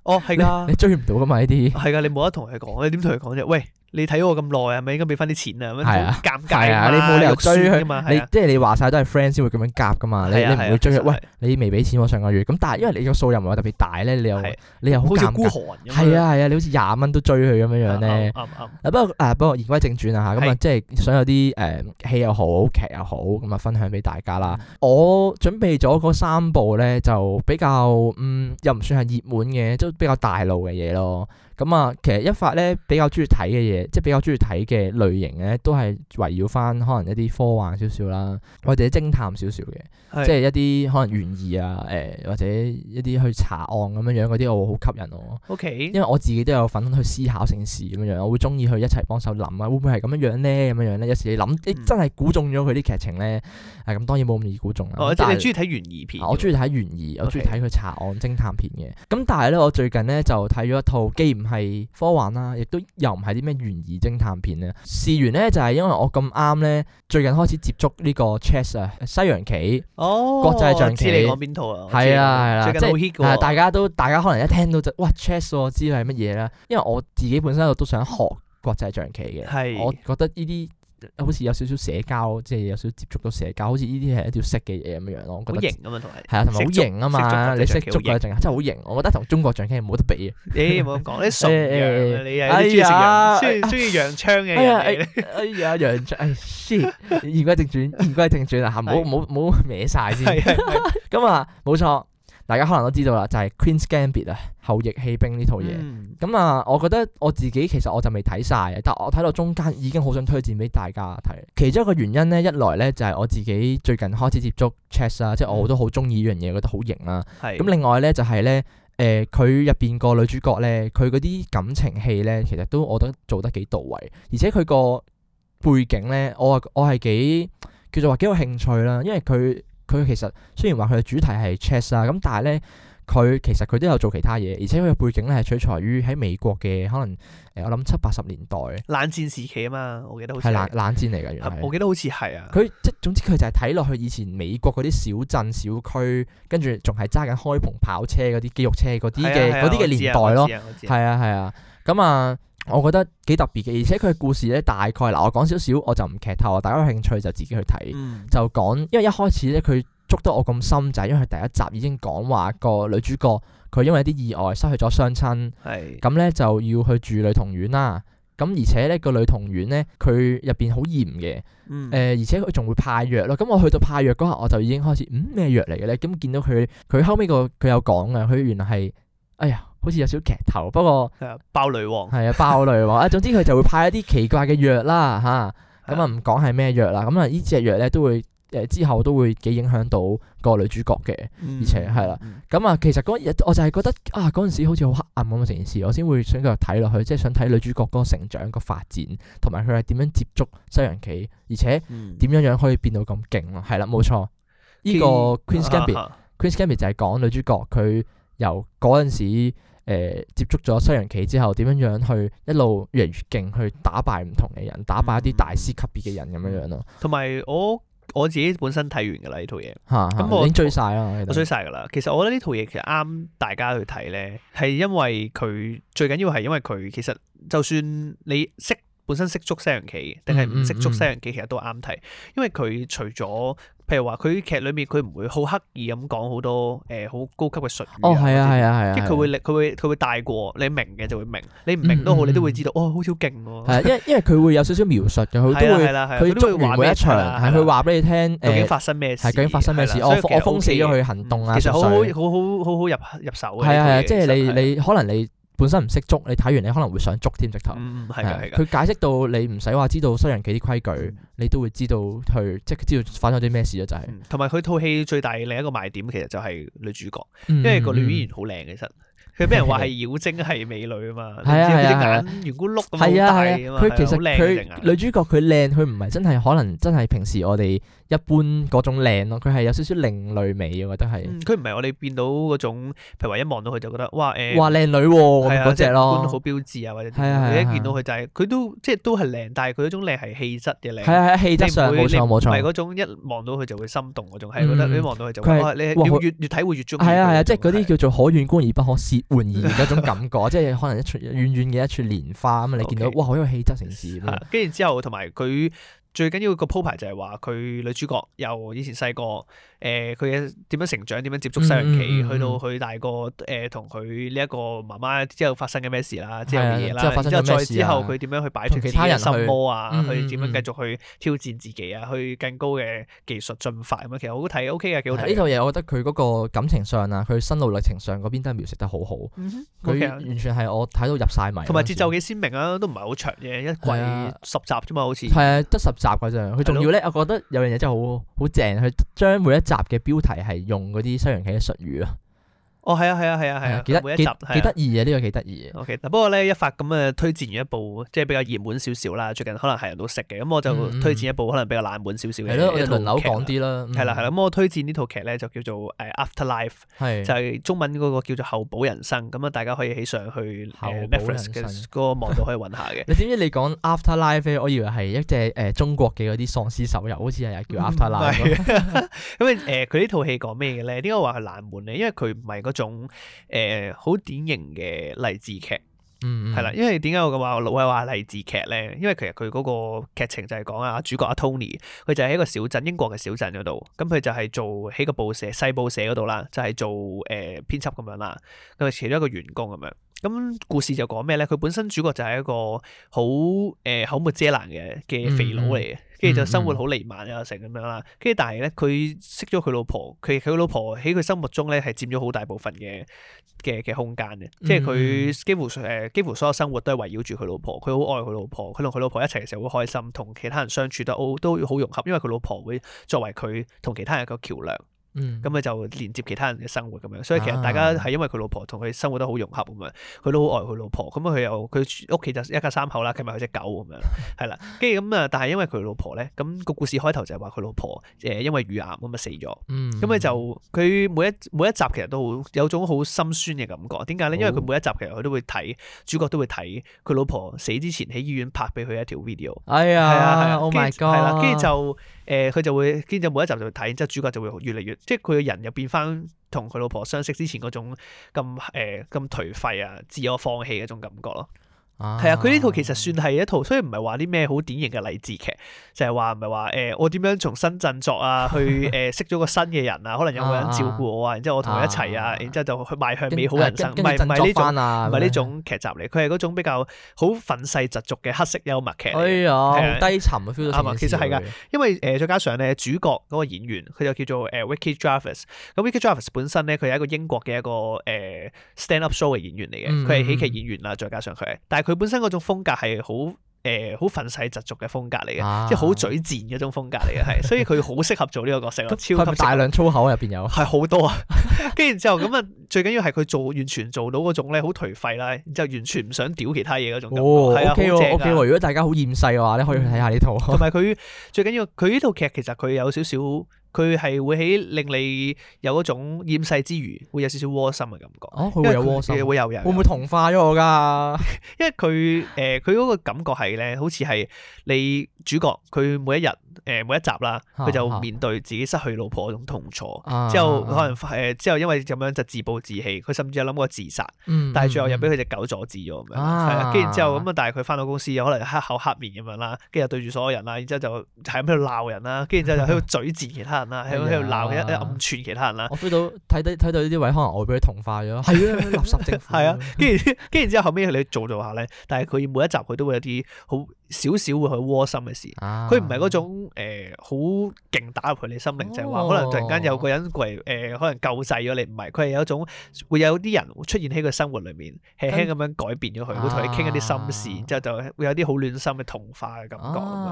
哦，係噶， 你追唔到噶嘛呢啲。係噶，你冇得同佢講，你點同佢講啫？喂！你睇我咁耐啊，係咪應該俾翻啲錢啊？咁樣尷尬。係啊，你冇理由追佢嘛？你即係你話晒都係 friend 先會咁樣夾噶嘛？你你唔會追佢？喂，你未俾錢我上個月。咁但係因為你個數又唔係特別大咧，你又你又好孤寒。係啊係啊，你好似廿蚊都追佢咁樣樣咧。不過啊，不過言歸正傳啊嚇，咁啊即係想有啲誒戲又好劇又好咁啊分享俾大家啦。我準備咗嗰三部咧就比較嗯又唔算係熱門嘅，都比較大路嘅嘢咯。咁啊，其實一發咧比較中意睇嘅嘢，即係比較中意睇嘅類型咧，都係圍繞翻可能一啲科幻少少啦，或者偵探少少嘅，是即係一啲可能懸疑啊，誒、哎、或者一啲去查案咁樣樣嗰啲，我會好吸引我。Okay. 因為我自己都有份去思考性事咁樣樣，我會中意去一齊幫手諗啊，會唔會係咁樣樣咧？咁樣樣咧，有時你諗、欸，真係估中咗佢啲劇情咧，咁、嗯啊、當然冇咁易估中啦。哦，即係但 你中意睇懸疑片，啊、我中意睇懸疑，我中意睇佢查案偵探片嘅。咁但係咧，我最近咧就睇咗一套《機唔雷》雷。係科幻啦，亦都又唔係啲咩懸疑偵探片咧。事緣咧就係因為我咁啱咧，最近開始接觸呢個 chess 啊，西洋棋哦，國際象棋。知你講邊套啊？係啊，係啦的，最近都好 hit 㗎。大家都大家可能一聽到就哇 chess，我知係乜嘢啦。因為我自己本身我都想學國際象棋嘅，的我覺得呢啲。好似有少少社交，即係有少接觸到社交，好似呢啲係一條識嘅嘢咁樣樣咯。得型咁啊，同係係啊，同埋好型啊嘛，你識足嘅正真係好型。我覺得同中國象棋冇得比嘅。你唔好咁講，啲純嘅你啊，中意中意洋槍嘅人嚟。哎呀，洋槍，哎，shit！言歸正傳，言歸正傳啊，吓，唔好唔好唔好歪晒先。係係係。咁啊，冇錯。大家可能都知道啦，就係、是《Queen's Gambit》啊，後翼棄兵呢套嘢。咁啊、嗯嗯，我覺得我自己其實我就未睇晒，但我睇到中間已經好想推薦俾大家睇。其中一個原因咧，一來咧就係、是、我自己最近開始接觸 Chess 啦，即係我都好中意呢樣嘢，覺得好型啦。咁是、嗯、另外咧就係、是、咧，誒佢入邊個女主角咧，佢嗰啲感情戲咧，其實都我覺得做得幾到位，而且佢個背景咧，我我係幾叫做話幾有興趣啦，因為佢。佢其實雖然話佢嘅主題係 chess 啊，咁但係咧，佢其實佢都有做其他嘢，而且佢嘅背景咧係取材於喺美國嘅可能誒，我諗七八十年代冷戰時期啊嘛，我記得好似係冷冷戰嚟嘅，我記得好似係啊。佢即係總之佢就係睇落去以前美國嗰啲小鎮小區，跟住仲係揸緊開篷跑車嗰啲肌肉車嗰啲嘅嗰啲嘅年代咯，係啊係啊咁啊。我覺得幾特別嘅，而且佢嘅故事咧，大概嗱，我講少少，我就唔劇透，大家有興趣就自己去睇。嗯、就講，因為一開始咧，佢捉得我咁深仔，就係、因為第一集已經講話個女主角佢因為啲意外失去咗雙親，咁咧是 就要去住女童院啦。咁而且咧個女童院咧，佢入邊好嚴嘅，誒，而且佢仲、嗯呃、會派藥咯。咁我去到派藥嗰刻，我就已經開始，嗯，咩藥嚟嘅咧？咁見到佢，佢後尾個佢有講嘅，佢原來係，哎呀。好似有少劇頭，不過爆雷王係啊，爆雷王啊，總之佢就會派一啲奇怪嘅藥啦，吓咁啊，唔講係咩藥啦，咁啊，呢隻藥咧都會誒之後都會幾影響到個女主角嘅，而且係啦，咁啊，其實嗰日我就係覺得啊，嗰陣時好似好黑暗咁嘅成件事我先會想繼續睇落去，即係想睇女主角嗰個成長個發展，同埋佢係點樣接觸西洋棋，而且點樣樣可以變到咁勁咯，係啦，冇錯，呢個 Queen’s Gambit，Queen’s Gambit 就係講女主角佢由嗰陣時。誒，接觸咗西洋棋之後，點樣樣去一路越嚟越勁，去打敗唔同嘅人，打敗一啲大師級別嘅人咁樣樣咯。同埋、嗯、我我自己本身睇完噶啦呢套嘢，吓哈，咁我已經追晒啦，我，的我追晒噶啦。其實我覺得呢套嘢其實啱大家去睇咧，係因為佢最緊要係因為佢其實就算你識本身識捉西洋棋，定係唔識捉西洋棋，其實都啱睇，嗯嗯嗯因為佢除咗。譬如話佢劇裏面佢唔會好刻意咁講好多誒好高級嘅術語。哦係啊係啊係啊！即係佢會佢會佢會帶過，你明嘅就會明，你唔明都好，你都會知道。哦，好超勁喎！係，因為因為佢會有少少描述嘅，佢都會佢都會話每一場係佢話俾你聽究竟發生咩事，究竟發生咩事。我我封死咗佢行動啊！其實好好好好好好入入手嘅。係係啊，即係你你可能你。本身唔識捉，你睇完你可能會想捉添直頭。嗯，係㗎，係㗎。佢解釋到你唔使話知道西洋棋啲規矩，你都會知道去即知道發生咗啲咩事咯，就係。同埋佢套戲最大另一個賣點其實就係女主角，因為個女演員好靚其實。佢俾人話係妖精係美女啊嘛，知唔知隻眼圓咕碌咁大㗎嘛？佢其實佢女主角佢靚，佢唔係真係可能真係平時我哋。一般嗰種靚咯，佢係有少少另類味，我覺得係。佢唔係我哋見到嗰種，譬如話一望到佢就覺得，哇誒，哇靚女嗰隻咯。係啊，一好標緻啊，或者點啊，一見到佢就係佢都即係都係靚，但係佢嗰種靚係氣質嘅靚。係啊係啊，氣質上冇錯冇錯。唔係嗰種一望到佢就會心動嗰種，係覺得你望到佢就。佢係你越越睇會越中意。係啊係啊，即係嗰啲叫做可遠觀而不可褻玩而嗰種感覺，即係可能一處遠遠嘅一處蓮花咁啊，你見到哇，好有氣質成事啦。跟住之後同埋佢。最緊要個鋪排就係話佢女主角由以前細個。誒佢嘅點樣成長，點樣接觸西洋棋，去到佢大個誒，同佢呢一個媽媽之後發生嘅咩事啦，之後嘅嘢啦，之後再之後佢點樣去擺脱其他人心魔啊，去點樣繼續去挑戰自己啊，去更高嘅技術進發咁樣，其實好睇，OK 嘅，幾好睇呢套嘢，我覺得佢嗰個感情上啊，佢心路歷程上嗰邊都係描述得好好，佢完全係我睇到入晒迷，同埋節奏幾鮮明啊，都唔係好長嘅一季十集啫嘛，好似係啊，得十集嘅啫，佢仲要咧，我覺得有樣嘢真係好好正，佢將每一。集嘅標題係用嗰啲西洋戲嘅術語啊。哦，係啊，係啊，係啊，係啊，記得每一集幾得意嘅，呢個幾得意嘅。OK，不過咧一發咁嘅推薦完一部即係比較熱門少少啦，最近可能係人都識嘅。咁我就推薦一部可能比較冷門少少嘅，係咯，我輪流講啲啦。係啦，係啦。咁我推薦呢套劇咧就叫做《After Life》，就係中文嗰個叫做《後補人生》。咁啊，大家可以起上去後補人生嗰個網度可以揾下嘅。你知唔知你講《After Life》我以為係一隻誒中國嘅嗰啲喪屍手遊，好似係叫《After Life》。咁誒，佢呢套戲講咩嘅咧？點解話佢冷門咧？因為佢唔係一種誒，好典型嘅勵志劇，係啦。因為點解我話我老係話勵志劇咧？因為其實佢嗰個劇情就係講啊，主角阿 Tony 佢就喺一個小鎮英國嘅小鎮嗰度，咁佢就係做喺個報社、細報社嗰度啦，就係、是、做誒編輯咁樣啦。佢係其中一個員工咁樣。咁故事就講咩咧？佢本身主角就係一個好誒、呃、口沒遮攔嘅嘅肥佬嚟嘅。嗯嗯跟住就生活好瀰漫啊，成咁樣啦。跟住但係咧，佢識咗佢老婆，佢佢老婆喺佢心目中咧係佔咗好大部分嘅嘅嘅空間嘅。即係佢幾乎誒、呃、幾乎所有生活都係圍繞住佢老婆。佢好愛佢老婆，佢同佢老婆一齊嘅時候好開心，同其他人相處得好都好都好融洽，因為佢老婆會作為佢同其他人嘅橋梁。嗯，咁佢就連接其他人嘅生活咁樣，所以其實大家係因為佢老婆同佢生活得好融合咁樣，佢都好愛佢老婆，咁佢又佢屋企就一家三口啦，加埋佢隻狗咁樣，係啦，跟住咁啊，但係因為佢老婆咧，咁個故事開頭就係話佢老婆、呃、因為乳癌咁啊死咗，嗯，咁佢就佢每一每一集其實都好有種好心酸嘅感覺，點解咧？因為佢每一集其實佢都會睇主角都會睇佢老婆死之前喺醫院拍俾佢一條 video，哎呀，係啊，oh my god，係啦，跟住就誒佢、呃、就會跟住每一集就會睇，之後主角就會越嚟越。即係佢個人又變翻同佢老婆相識之前嗰種咁誒咁頹廢啊、自我放棄嗰種感覺咯。係啊，佢呢套其實算係一套，雖然唔係話啲咩好典型嘅勵志劇，就係話唔係話誒我點樣從新振作啊，去誒識咗個新嘅人啊，可能有冇人照顧我啊，然之後我同佢一齊啊， 然之後就去邁向美好人生，唔係唔係呢種唔係呢種劇集嚟，佢係嗰種比較好憤世嫉俗嘅黑色幽默劇，哎呦，係嘅，好低沉啊，feel 到其實係噶，因為誒、呃、再加上咧主角嗰個演員，佢就叫做 Ricky Gervais 咁 Ricky Gervais 本身咧佢係一個英國嘅一個誒 stand up show 嘅演員嚟嘅，佢係、嗯、喜劇演員啦，再加上佢，但係佢。佢本身嗰種風格係好誒，好、呃、憤世嫉俗嘅風格嚟嘅，啊、即係好嘴賤嗰種風格嚟嘅，係 所以佢好適合做呢個角色咯。 超級是是大量粗口入、啊、邊有，係好多啊。跟住然之後咁啊，最緊要係佢做完全做到嗰種咧，好頹廢啦，然之後完全唔想屌其他嘢嗰種感覺。哦，O K 喎，O K 喎。如果大家好厭世嘅話咧，可以去睇下呢套。同埋佢最緊要，佢呢套劇其實佢有少少。佢係會喺令你有一種厭世之餘，會有少少窩心嘅感覺。哦，佢會有窩心，會有人，會唔會同化咗我噶？ 因為佢誒，佢、呃、嗰個感覺係咧，好似係你主角，佢每一日。誒，每一集啦，佢就面對自己失去老婆嗰種痛楚，之後可能誒，之後因為咁樣就自暴自棄，佢甚至有諗過自殺，但係最後又俾佢隻狗阻止咗，係啦，跟住之後咁啊，但係佢翻到公司可能黑口黑面咁樣啦，跟住對住所有人啦，然之後就喺度鬧人啦，跟住就就喺度嘴賤其他人啦，喺度喺度鬧，暗寸其他人啦。我睇到睇到睇到呢啲位可能我俾佢同化咗，係啊，垃圾政府，係啊，跟住跟住之後後尾你做做下咧，但係佢每一集佢都會有啲好。少少會去窩心嘅事，佢唔係嗰種好勁、呃、打入你心靈，哦、就係話可能突然間有個人嚟誒、呃，可能救濟咗你，唔係佢係有一種會有啲人出現喺佢生活裏面，輕輕咁樣改變咗佢，會同你傾一啲心事，啊、之後就會有啲好暖心嘅童話嘅感覺。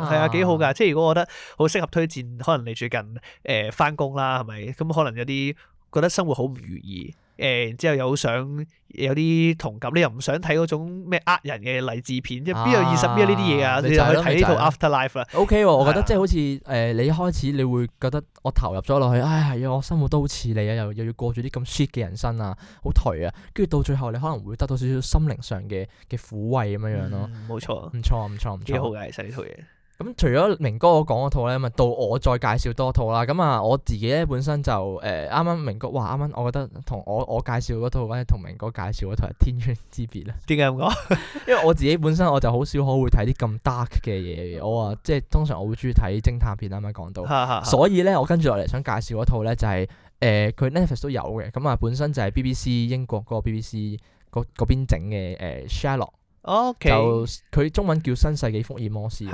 係啊幾、啊、好㗎！即係如果我覺得好適合推薦，可能你最近誒翻工啦，係咪咁可能有啲覺得生活好唔如意？誒，然之後又好想有啲同感，你又唔想睇嗰種咩呃人嘅勵志片，即係邊有二十邊有呢啲嘢啊？你就去睇呢套 Afterlife 啦。OK，我覺得即係好似誒、呃，你一開始你會覺得我投入咗落去，唉、哎，我生活都好似你啊，又又要過住啲咁 shit 嘅人生啊，好攰頹啊，跟住到最後你可能會得到少少心靈上嘅嘅撫慰咁樣樣咯。冇錯、嗯，唔錯唔錯唔錯，幾好嘅其實呢套嘢。咁除咗明哥我講嗰套咧，咪到我再介紹多套啦。咁啊，我自己咧本身就誒啱啱明哥，話，啱啱我覺得同我我介紹嗰套，反而同明哥介紹嗰套係天淵之別啦。點解咁講？ 因為我自己本身我就好少可會睇啲咁 dark 嘅嘢， 我啊即係通常我會中意睇偵探片啱啱講到， 所以咧我跟住落嚟想介紹嗰套咧就係誒佢 Netflix 都有嘅，咁、嗯、啊本身就係 BBC 英國嗰個 BBC 嗰邊整嘅誒 Sherlock。O K，就佢中文叫新世紀福爾摩斯，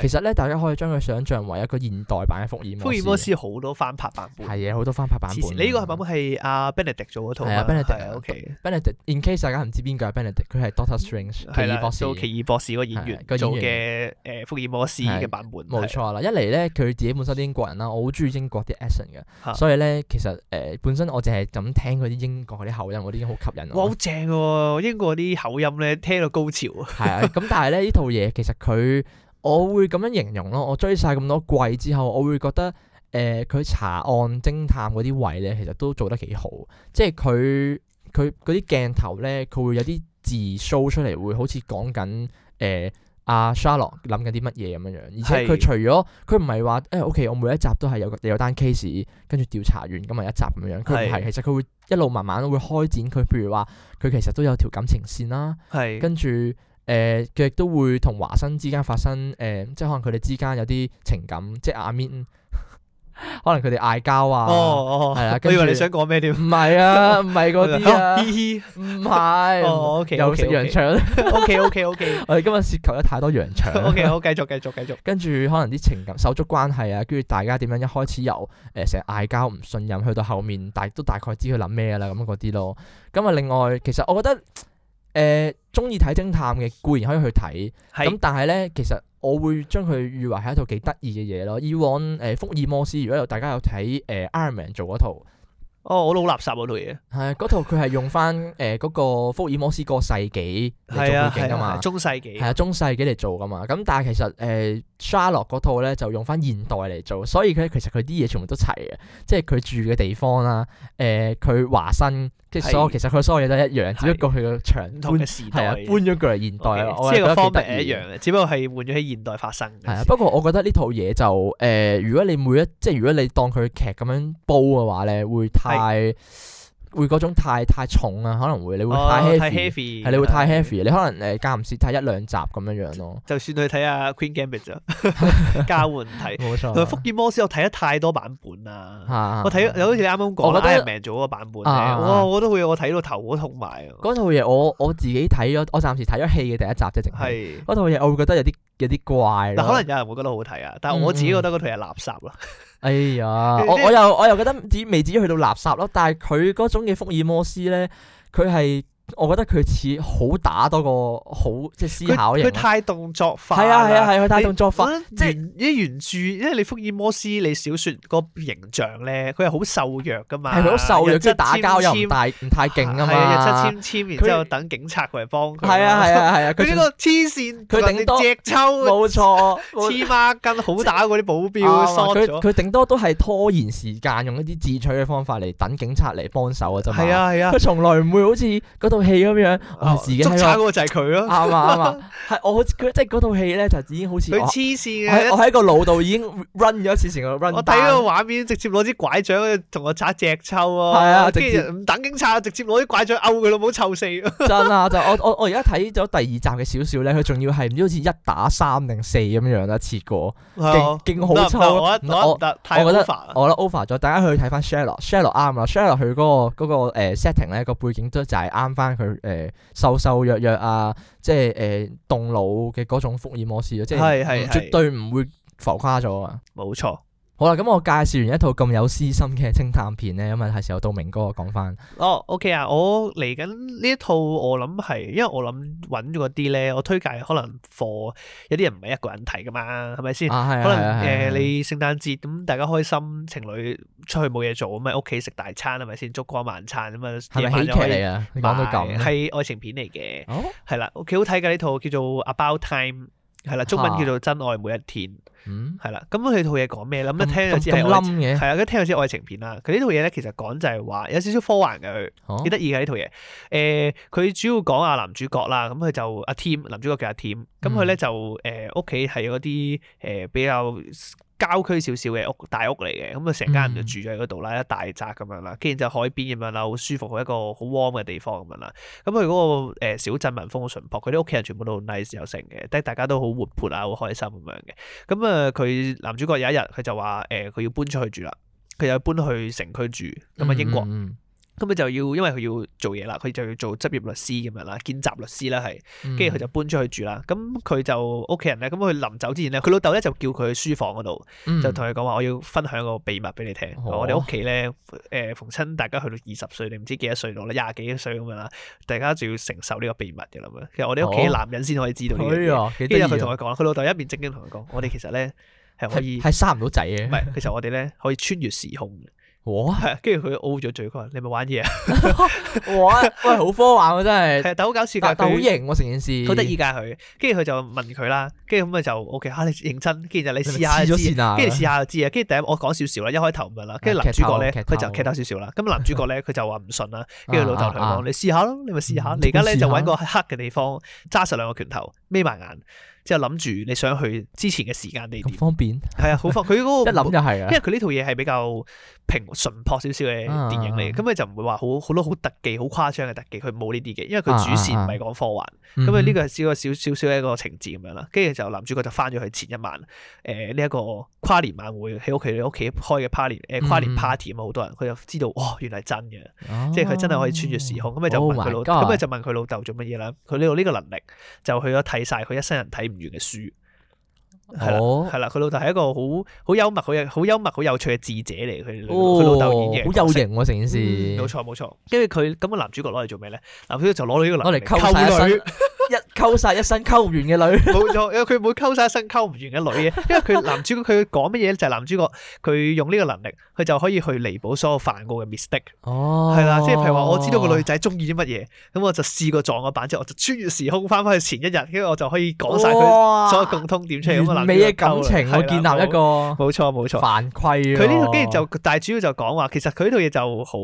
其實咧，大家可以將佢想象為一個現代版嘅福爾福爾摩斯。好多翻拍版本係嘢，好多翻拍版本。你呢個版本係阿 Benedict 做嗰套，係啊，Benedict。In case 大家唔知邊個，Benedict，佢係 Doctor Strange 博士做奇異博士嗰個演員，個演員做嘅誒福爾摩斯嘅版本。冇錯啦，一嚟咧佢自己本身啲英國人啦，我好中意英國啲 action 嘅，所以咧其實誒本身我淨係咁聽嗰啲英國嗰啲口音，我已經好吸引。哇，好正喎！英國啲口音咧，聽到高。係 啊，咁但係咧，呢套嘢其實佢，我會咁樣形容咯。我追晒咁多季之後，我會覺得誒，佢、呃、查案偵探嗰啲位咧，其實都做得幾好。即係佢佢嗰啲鏡頭咧，佢會有啲字 show 出嚟，會好似講緊誒。呃阿沙洛諗緊啲乜嘢，咁樣樣，而且佢除咗佢唔係話誒，OK，我每一集都係有個有單 case 跟住調查完咁咪、就是、一集咁樣，佢唔係，其實佢會一路慢慢會開展佢，譬如話佢其實都有條感情線啦，是跟住誒佢亦都會同華生之間發生誒、呃，即係可能佢哋之間有啲情感，即係阿 Min。 可能佢哋嗌交啊，哦，哦，係啊，我以為你想講咩添？唔係啊，唔係嗰啲啊，唔係，又食羊腸？OK，OK，OK。我哋今日涉及咗太多羊腸。OK，好，繼續，繼續，繼續。跟住可能啲情感、手足關係啊，跟住大家點樣一開始由誒成日嗌交、唔信任，去到後面，大都大概知佢諗咩啦，咁嗰啲咯。咁啊，另外，其實我覺得。誒，中意睇偵探嘅固然可以去睇，咁是的 但係咧，其實我會將佢譽為係一套幾得意嘅嘢咯。以往誒、呃，福爾摩斯如果有大家有睇誒呃 Iron Man 做嗰套，哦，我都好垃圾嗰套嘢、嗯。係嗰套佢係用翻誒嗰個福爾摩斯個世紀嚟做背景噶嘛，中世紀係啊，中世紀嚟做噶嘛。咁但係其實誒，Sherlock 嗰套咧就用翻現代嚟做，所以佢其實佢啲嘢全部都齊嘅，即係佢住嘅地方啦，誒、呃，佢華生。即係所其實佢所有嘢都係一樣，只不過佢個場，搬嘅時代搬咗過嚟現代，即係個方法係一樣嘅，只不過係換咗喺現代發生。係啊，不過我覺得呢套嘢就誒、呃，如果你每一即係如果你當佢劇咁樣煲嘅話咧，會太會嗰種太太重啊，可能會你會太 heavy，係你會太 heavy，你可能誒間唔時睇一兩集咁樣樣咯。就算去睇阿 Queen Gambit 就交換睇，冇錯。福爾摩斯我睇咗太多版本啦，我睇有好似你啱啱講 Iron Man 做嗰個版本，哇我都會我睇到頭都痛埋。嗰套嘢，我我自己睇咗，我暫時睇咗戲嘅第一集啫，淨係嗰套嘢，我會覺得有啲有啲怪。可能有人會覺得好睇啊，但係我自己覺得嗰套嘢垃圾啦。哎呀，我,我又我又覺得未,未至於去到垃圾咯，但係佢嗰種嘅福爾摩斯呢，佢係。我覺得佢似好打多過好，即係思考嘢，佢太動作化。係啊係啊係，佢太動作化。即係原著，因為你福爾摩斯你小說個形象咧，佢係好瘦弱噶嘛。係好瘦弱，即係打交又唔太唔太勁啊嘛。日出千千，然之後等警察佢嚟幫佢。係啊係啊係啊。佢呢個黐線，佢頂多隻抽。冇錯，黐孖筋好打嗰啲保鏢，佢佢頂多都係拖延時間，用一啲智取嘅方法嚟等警察嚟幫手啊。咋嘛？係啊係啊。佢從來唔會好似套戲咁樣，啊，捉賊嗰個就係佢咯，啱啱嘛？係我佢即係嗰套戲咧，就已經好似佢黐線嘅，我喺個腦度已經 run 咗次，成個 run。我睇個畫面，直接攞支拐杖去同我拆隻抽啊。係啊，即係唔等警察，直接攞啲拐杖毆佢咯，冇臭死。真啊！就我我我而家睇咗第二集嘅少少咧，佢仲要係唔知好似一打三定四咁樣樣一次過，勁勁好我我得我覺得我啦 over 咗，大家去睇翻 Sherlock，Sherlock 啱啦，Sherlock 佢嗰個個誒 setting 咧個背景都就係啱翻。佢誒、呃、瘦瘦弱弱啊，即係誒、呃、動腦嘅種福爾摩斯啊，即係係係，絕對唔會浮誇咗啊！冇錯。 好啦，咁我介紹完一套咁有私心嘅清淡片咧，咁啊係時候到明哥我講翻。哦，OK 啊，我嚟緊呢一套，我諗係，因為我諗搵咗啲咧，我推介可能 for 有啲人唔係一個人睇噶嘛，係咪先？可能誒，你聖誕節咁大家開心，情侶出去冇嘢做啊，屋企食大餐係咪先？燭光晚餐啊嘛，夜晚又係。係喜劇嚟啊？講到係愛情片嚟嘅，係啦，幾好睇噶呢套叫做 About Time，係啦，中文叫做真愛每一天。嗯，係啦，咁佢套嘢講咩？咁一聽就知係冧嘅，係啦，一聽就知愛情片啦。佢呢套嘢咧，其實講就係話有少少科幻嘅，佢幾得意嘅呢套嘢。誒，佢主要講啊男主角啦，咁佢就阿 Team，男主角叫阿 Team，咁佢咧就誒屋企係嗰啲誒比較。郊區少少嘅屋，大屋嚟嘅，咁啊成家人就住咗喺嗰度啦，一大宅咁樣啦，跟住就海邊咁樣啦，好舒服，一個好 warm 嘅地方咁樣啦。咁佢嗰個誒小鎮民風好淳樸，佢啲屋企人全部都好 nice 有成嘅，即係大家都好活潑啊，好開心咁樣嘅。咁啊，佢男主角有一日佢就話誒，佢要搬出去住啦，佢就搬去城區住，咁啊英國。嗯嗯嗯咁佢就要，因為佢要做嘢啦，佢就要做執業律師咁樣啦，見習律師啦係，跟住佢就搬出去住啦。咁佢就屋企人咧，咁佢臨走之前咧，佢老豆咧就叫佢去書房嗰度，嗯、就同佢講話：我要分享個秘密俾你聽。哦、我哋屋企咧，誒逢親大家去到二十歲定唔知幾多歲咯，咧廿幾歲咁樣啦，大家就要承受呢個秘密嘅啦。其實我哋屋企男人先可以知道呢啲嘢。可以啊，跟住佢同佢講，佢老豆一面正經同佢講：嗯、我哋其實咧係可以係生唔到仔嘅。唔係，其實我哋咧可以穿越時空。跟住佢嘔咗嘴佢話，你咪玩嘢啊！我 喂，好科幻喎，真係，但好搞笑，但好型我成件事，好得意噶佢。跟住佢就問佢啦，跟住咁咪就 O K 吓，你認真，跟住就你試下知跟住試下就知啊。跟住第一我講少少啦，一開頭唔係啦，跟住男主角咧佢就劇透少少啦。咁男主角咧佢就話唔信啦，跟住老豆同佢講，你試下咯，你咪試下，下。嗯、你而家咧就揾個黑嘅地方，揸實兩個拳頭，眯埋眼。即係諗住你想去之前嘅時間地點，方便係啊，好方便。佢嗰 個 一諗就係啊，啊，啊就很很，因為佢呢套嘢係比較平純朴少少嘅電影嚟嘅，咁咪就唔會話好好多好特技好誇張嘅特技，佢冇呢啲嘅。因為佢主線唔係講科幻，咁咪呢個係試少少少一個情節咁樣啦。跟住就男主角就翻咗去前一晚，誒呢一個跨年晚會喺屋企屋企開嘅 p a r 跨年 party 啊，啊，好多人。佢就知道哇、哦，原來係真嘅，即係佢真係可以穿越時空。咁咪、哦、就問佢老豆，咁咪就問佢老豆做乜嘢啦？佢利用呢個能力就去咗睇晒佢一生人睇完嘅書係啦，係啦、哦，佢 老豆係一個好好幽默，佢好幽默，好有趣嘅智者嚟。佢佢老豆演嘅好有型、啊，我成件事冇錯冇錯。跟住佢咁個男主角攞嚟做咩咧？男主角就攞到呢個男，攞嚟溝女。一溝晒一身溝唔完嘅女錯，冇錯，佢唔會溝晒一身溝唔完嘅女嘅，因為佢男主角佢講乜嘢就係男主角佢用呢個能力，佢就可以去彌補所有犯過嘅 mistake。哦，係啦，即係譬如話我知道個女仔中意啲乜嘢，咁我就試過撞個板之後，我就穿越時空翻返去前一日，跟住我就可以講晒佢所有共通點出嚟，咁嘅能力。感情對我建立一個，冇錯冇錯，錯錯，犯規。佢呢個跟住就，但係主要就講話，其實佢呢套嘢就好。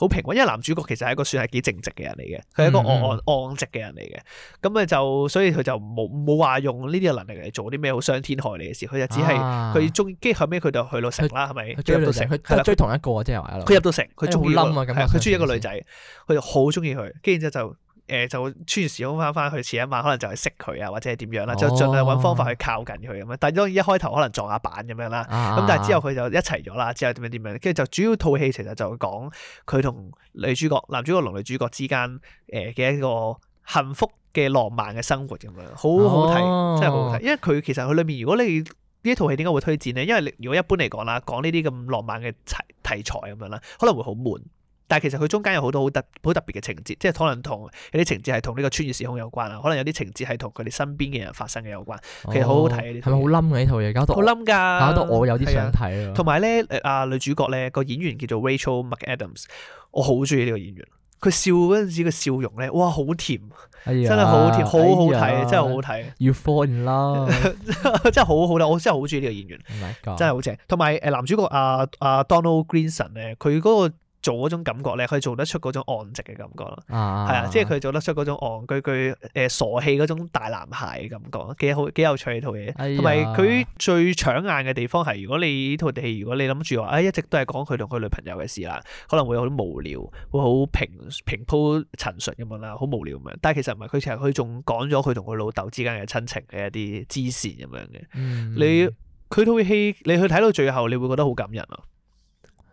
好平穩，因為男主角其實係一個算係幾正直嘅人嚟嘅，佢係、mm hmm. 一個戇戇戇直嘅人嚟嘅，咁咪就所以佢就冇冇話用呢啲嘅能力嚟做啲咩好傷天害理嘅事，佢就只係佢中，跟住、啊、後尾佢就去到城啦，係咪？佢追到城，佢追同一個即係又係啦，佢入到城，佢中意，係佢吧追、這個、 一個女仔，佢就好中意佢，跟住之後就。誒就穿時空翻翻去前一晚，可能就係識佢啊，或者點樣啦，就盡量揾方法去靠近佢咁樣。Oh. 但當然一開頭可能撞下板咁樣啦，咁但係之後佢就一齊咗啦。之後點樣點樣，跟住就主要套戲其實就會講佢同女主角、男主角同女主角之間誒嘅一個幸福嘅浪漫嘅生活咁樣，好、oh. 好睇，真係好好睇。因為佢其實佢裏面如果你呢套戲點解會推薦呢？因為如果一般嚟講啦，講呢啲咁浪漫嘅題題材咁樣啦，可能會好悶。但係其實佢中間有好多好特好特別嘅情節，即係可能同有啲情節係同呢個穿越時空有關啦，可能有啲情節係同佢哋身邊嘅人發生嘅有關，哦、其實好好睇啊！係咪好冧㗎呢套嘢？搞到好冧㗎，搞到我有啲想睇啊。同埋咧，誒啊、呃呃、女主角咧個演員叫做 Rachel McAdams，我好中意呢個演員，佢、哎、呀笑嗰陣時個笑容咧，哇甜、哎、呀好甜，真係好甜，好好睇，真係好好睇。You fall in love， 真係好好睇，我真係好中意呢個演員，oh、真係好正。同埋誒男主角阿、啊、阿、啊啊、Donald Greenson 咧，佢嗰、那個。做嗰種感覺咧，佢做得出嗰種戇直嘅感覺咯，係啊，即係佢做得出嗰種戇居居誒、呃、傻氣嗰種大男孩嘅感覺咯，幾好幾有趣呢套嘢，同埋佢最搶眼嘅地方係，如果你套戲如果你諗住話，唉、哎、一直都係講佢同佢女朋友嘅事啦，可能會好無聊，會好平平鋪陳述咁樣啦，好無聊咁樣，但係其實唔係，佢其實佢仲講咗佢同佢老豆之間嘅親情嘅一啲支線咁樣嘅、嗯，你佢套戲你去睇到最後，你會覺得好感人啊！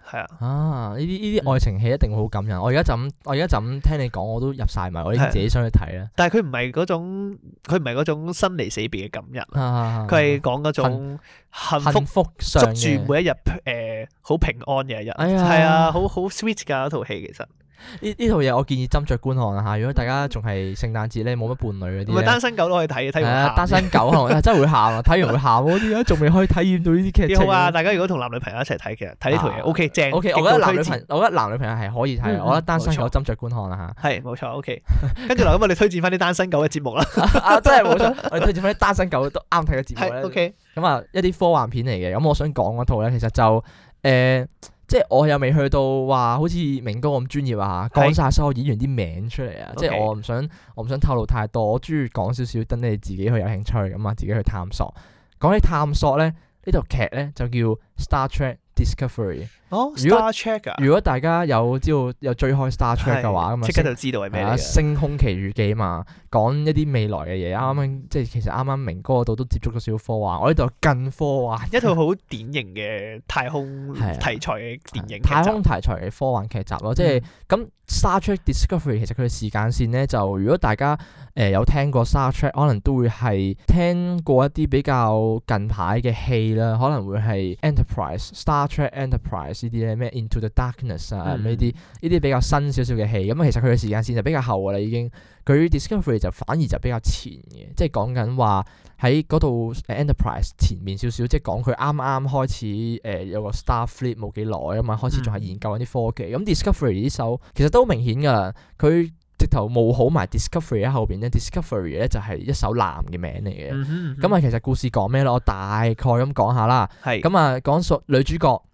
係啊，啊呢啲呢啲愛情戲一定會好感人。嗯、我而家就咁，我而家就咁聽你講，我都入晒埋，我自己想去睇啦。但係佢唔係嗰種，佢唔係嗰種生離死別嘅感人，佢係講嗰種幸福，幸福捉住每一日誒好、呃、平安嘅一日，係、哎、呀啊，好好 sweet 噶套、啊、戲其實。呢呢套嘢，我建議斟酌觀看啊吓，如果大家仲係聖誕節咧冇乜伴侶嗰啲咧，單身狗都可以睇睇。係啊，單身狗係真會喊啊，睇完會喊。我而家仲未可以體驗到呢啲劇情。好啊，大家如果同男女朋友一齊睇，其實睇呢套嘢 OK 正。OK，我覺得男女朋友，我覺得男女朋友係可以睇。我覺得單身狗斟酌觀看啊吓。係，冇錯。OK。跟住嚟，咁我哋推薦翻啲單身狗嘅節目啦。真係冇錯。我哋推薦翻啲單身狗都啱睇嘅節目 OK。咁啊，一啲科幻片嚟嘅。咁我想講嗰套咧，其實就誒。即係我又未去到話好似明哥咁專業啊，講晒的所有演員啲名出嚟啊！Okay. 即係我唔想，我唔想透露太多，我中意講少少，等你哋自己去有興趣咁啊，自己去探索。講起探索咧，劇呢套劇咧就叫《Star Trek Discovery》。哦，如果，Star Trek？如果大家有知道有追開 Star Trek 嘅話，咁啊即刻就知道係咩星空奇遇記啊嘛，講一啲未來嘅嘢啱啱即係其實啱啱明哥嗰度都接觸咗少少科幻，我呢度近科幻，一套好典型嘅太空題材嘅電影，啊。太空題材嘅科幻劇集咯，即係咁、嗯、Star Trek Discovery 其實佢嘅時間線呢，就如果大家誒、呃、有聽過 Star Trek，可能都會係聽過一啲比較近排嘅戲啦，可能會係 Enterprise Star Trek Enterprise。C 啲咩 Into the Darkness 啊，呢啲呢啲比較新少少嘅戲，咁、嗯、啊其實佢嘅時間線就比較後噶啦，已經佢 Discovery 就反而就比較前嘅，即係講緊話喺嗰度 Enterprise 前面少少，即係講佢啱啱開始誒、呃、有個 Starfleet 冇幾耐啊嘛，開始仲係研究緊啲科技。咁、嗯、Discovery 呢首其實都好明顯噶，啦、嗯，佢直頭冒好埋 Discovery 喺後邊，咧，Discovery 咧就係一首男嘅名嚟嘅。咁啊、嗯、其實故事講咩咧？我大概咁講下啦。係咁啊講述女主角。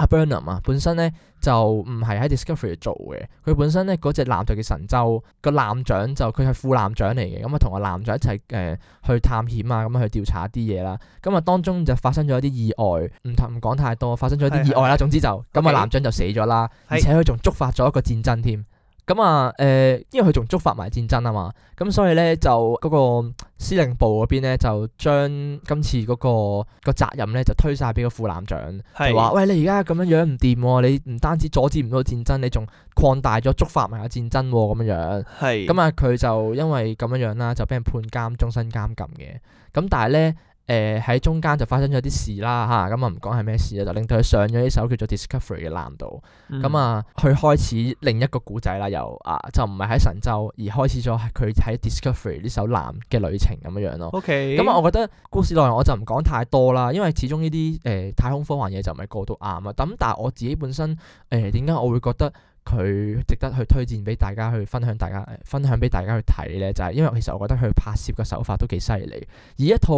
阿 Burnham 啊，本身咧就唔係喺 Discovery 做嘅，佢本身咧嗰隻艦隊嘅神舟，那個艦長就佢係副艦長嚟嘅，咁啊同個艦長一齊誒、呃、去探險啊，咁、嗯、啊去調查啲嘢啦，咁、嗯、啊當中就發生咗一啲意外，唔唔講太多，發生咗一啲意外啦，總之就咁啊、嗯、Okay. 艦長就死咗啦，而且佢仲觸發咗一個戰爭添。咁啊，誒、嗯，因為佢仲觸發埋戰爭啊嘛，咁所以咧就嗰個司令部嗰邊咧就將今次嗰個個責任咧就推晒俾個副艦長，是就話：喂，你而家咁樣樣唔掂，你唔單止阻止唔到戰爭，你仲擴大咗觸發埋個戰爭喎、啊，咁樣樣。係是。咁啊、嗯，佢就因為咁樣樣啦，就俾人判監終身監禁嘅。咁但係咧。誒喺、呃、中間就發生咗啲事啦嚇，咁啊唔講係咩事啊，就令到佢上咗呢首叫做 Discovery 嘅難度，咁啊佢開始另一個古仔啦，又、呃、啊就唔係喺神州，而開始咗佢喺 Discovery 呢首難嘅旅程咁樣樣咯。OK，咁啊，我覺得故事內容我就唔講太多啦，因為始終呢啲誒太空科幻嘢就唔係過度啱啊。咁但係我自己本身誒點解我會覺得？佢值得去推薦俾大家去分享，大家分享俾大家去睇咧，就係因為其實我覺得佢拍攝嘅手法都幾犀利，以一套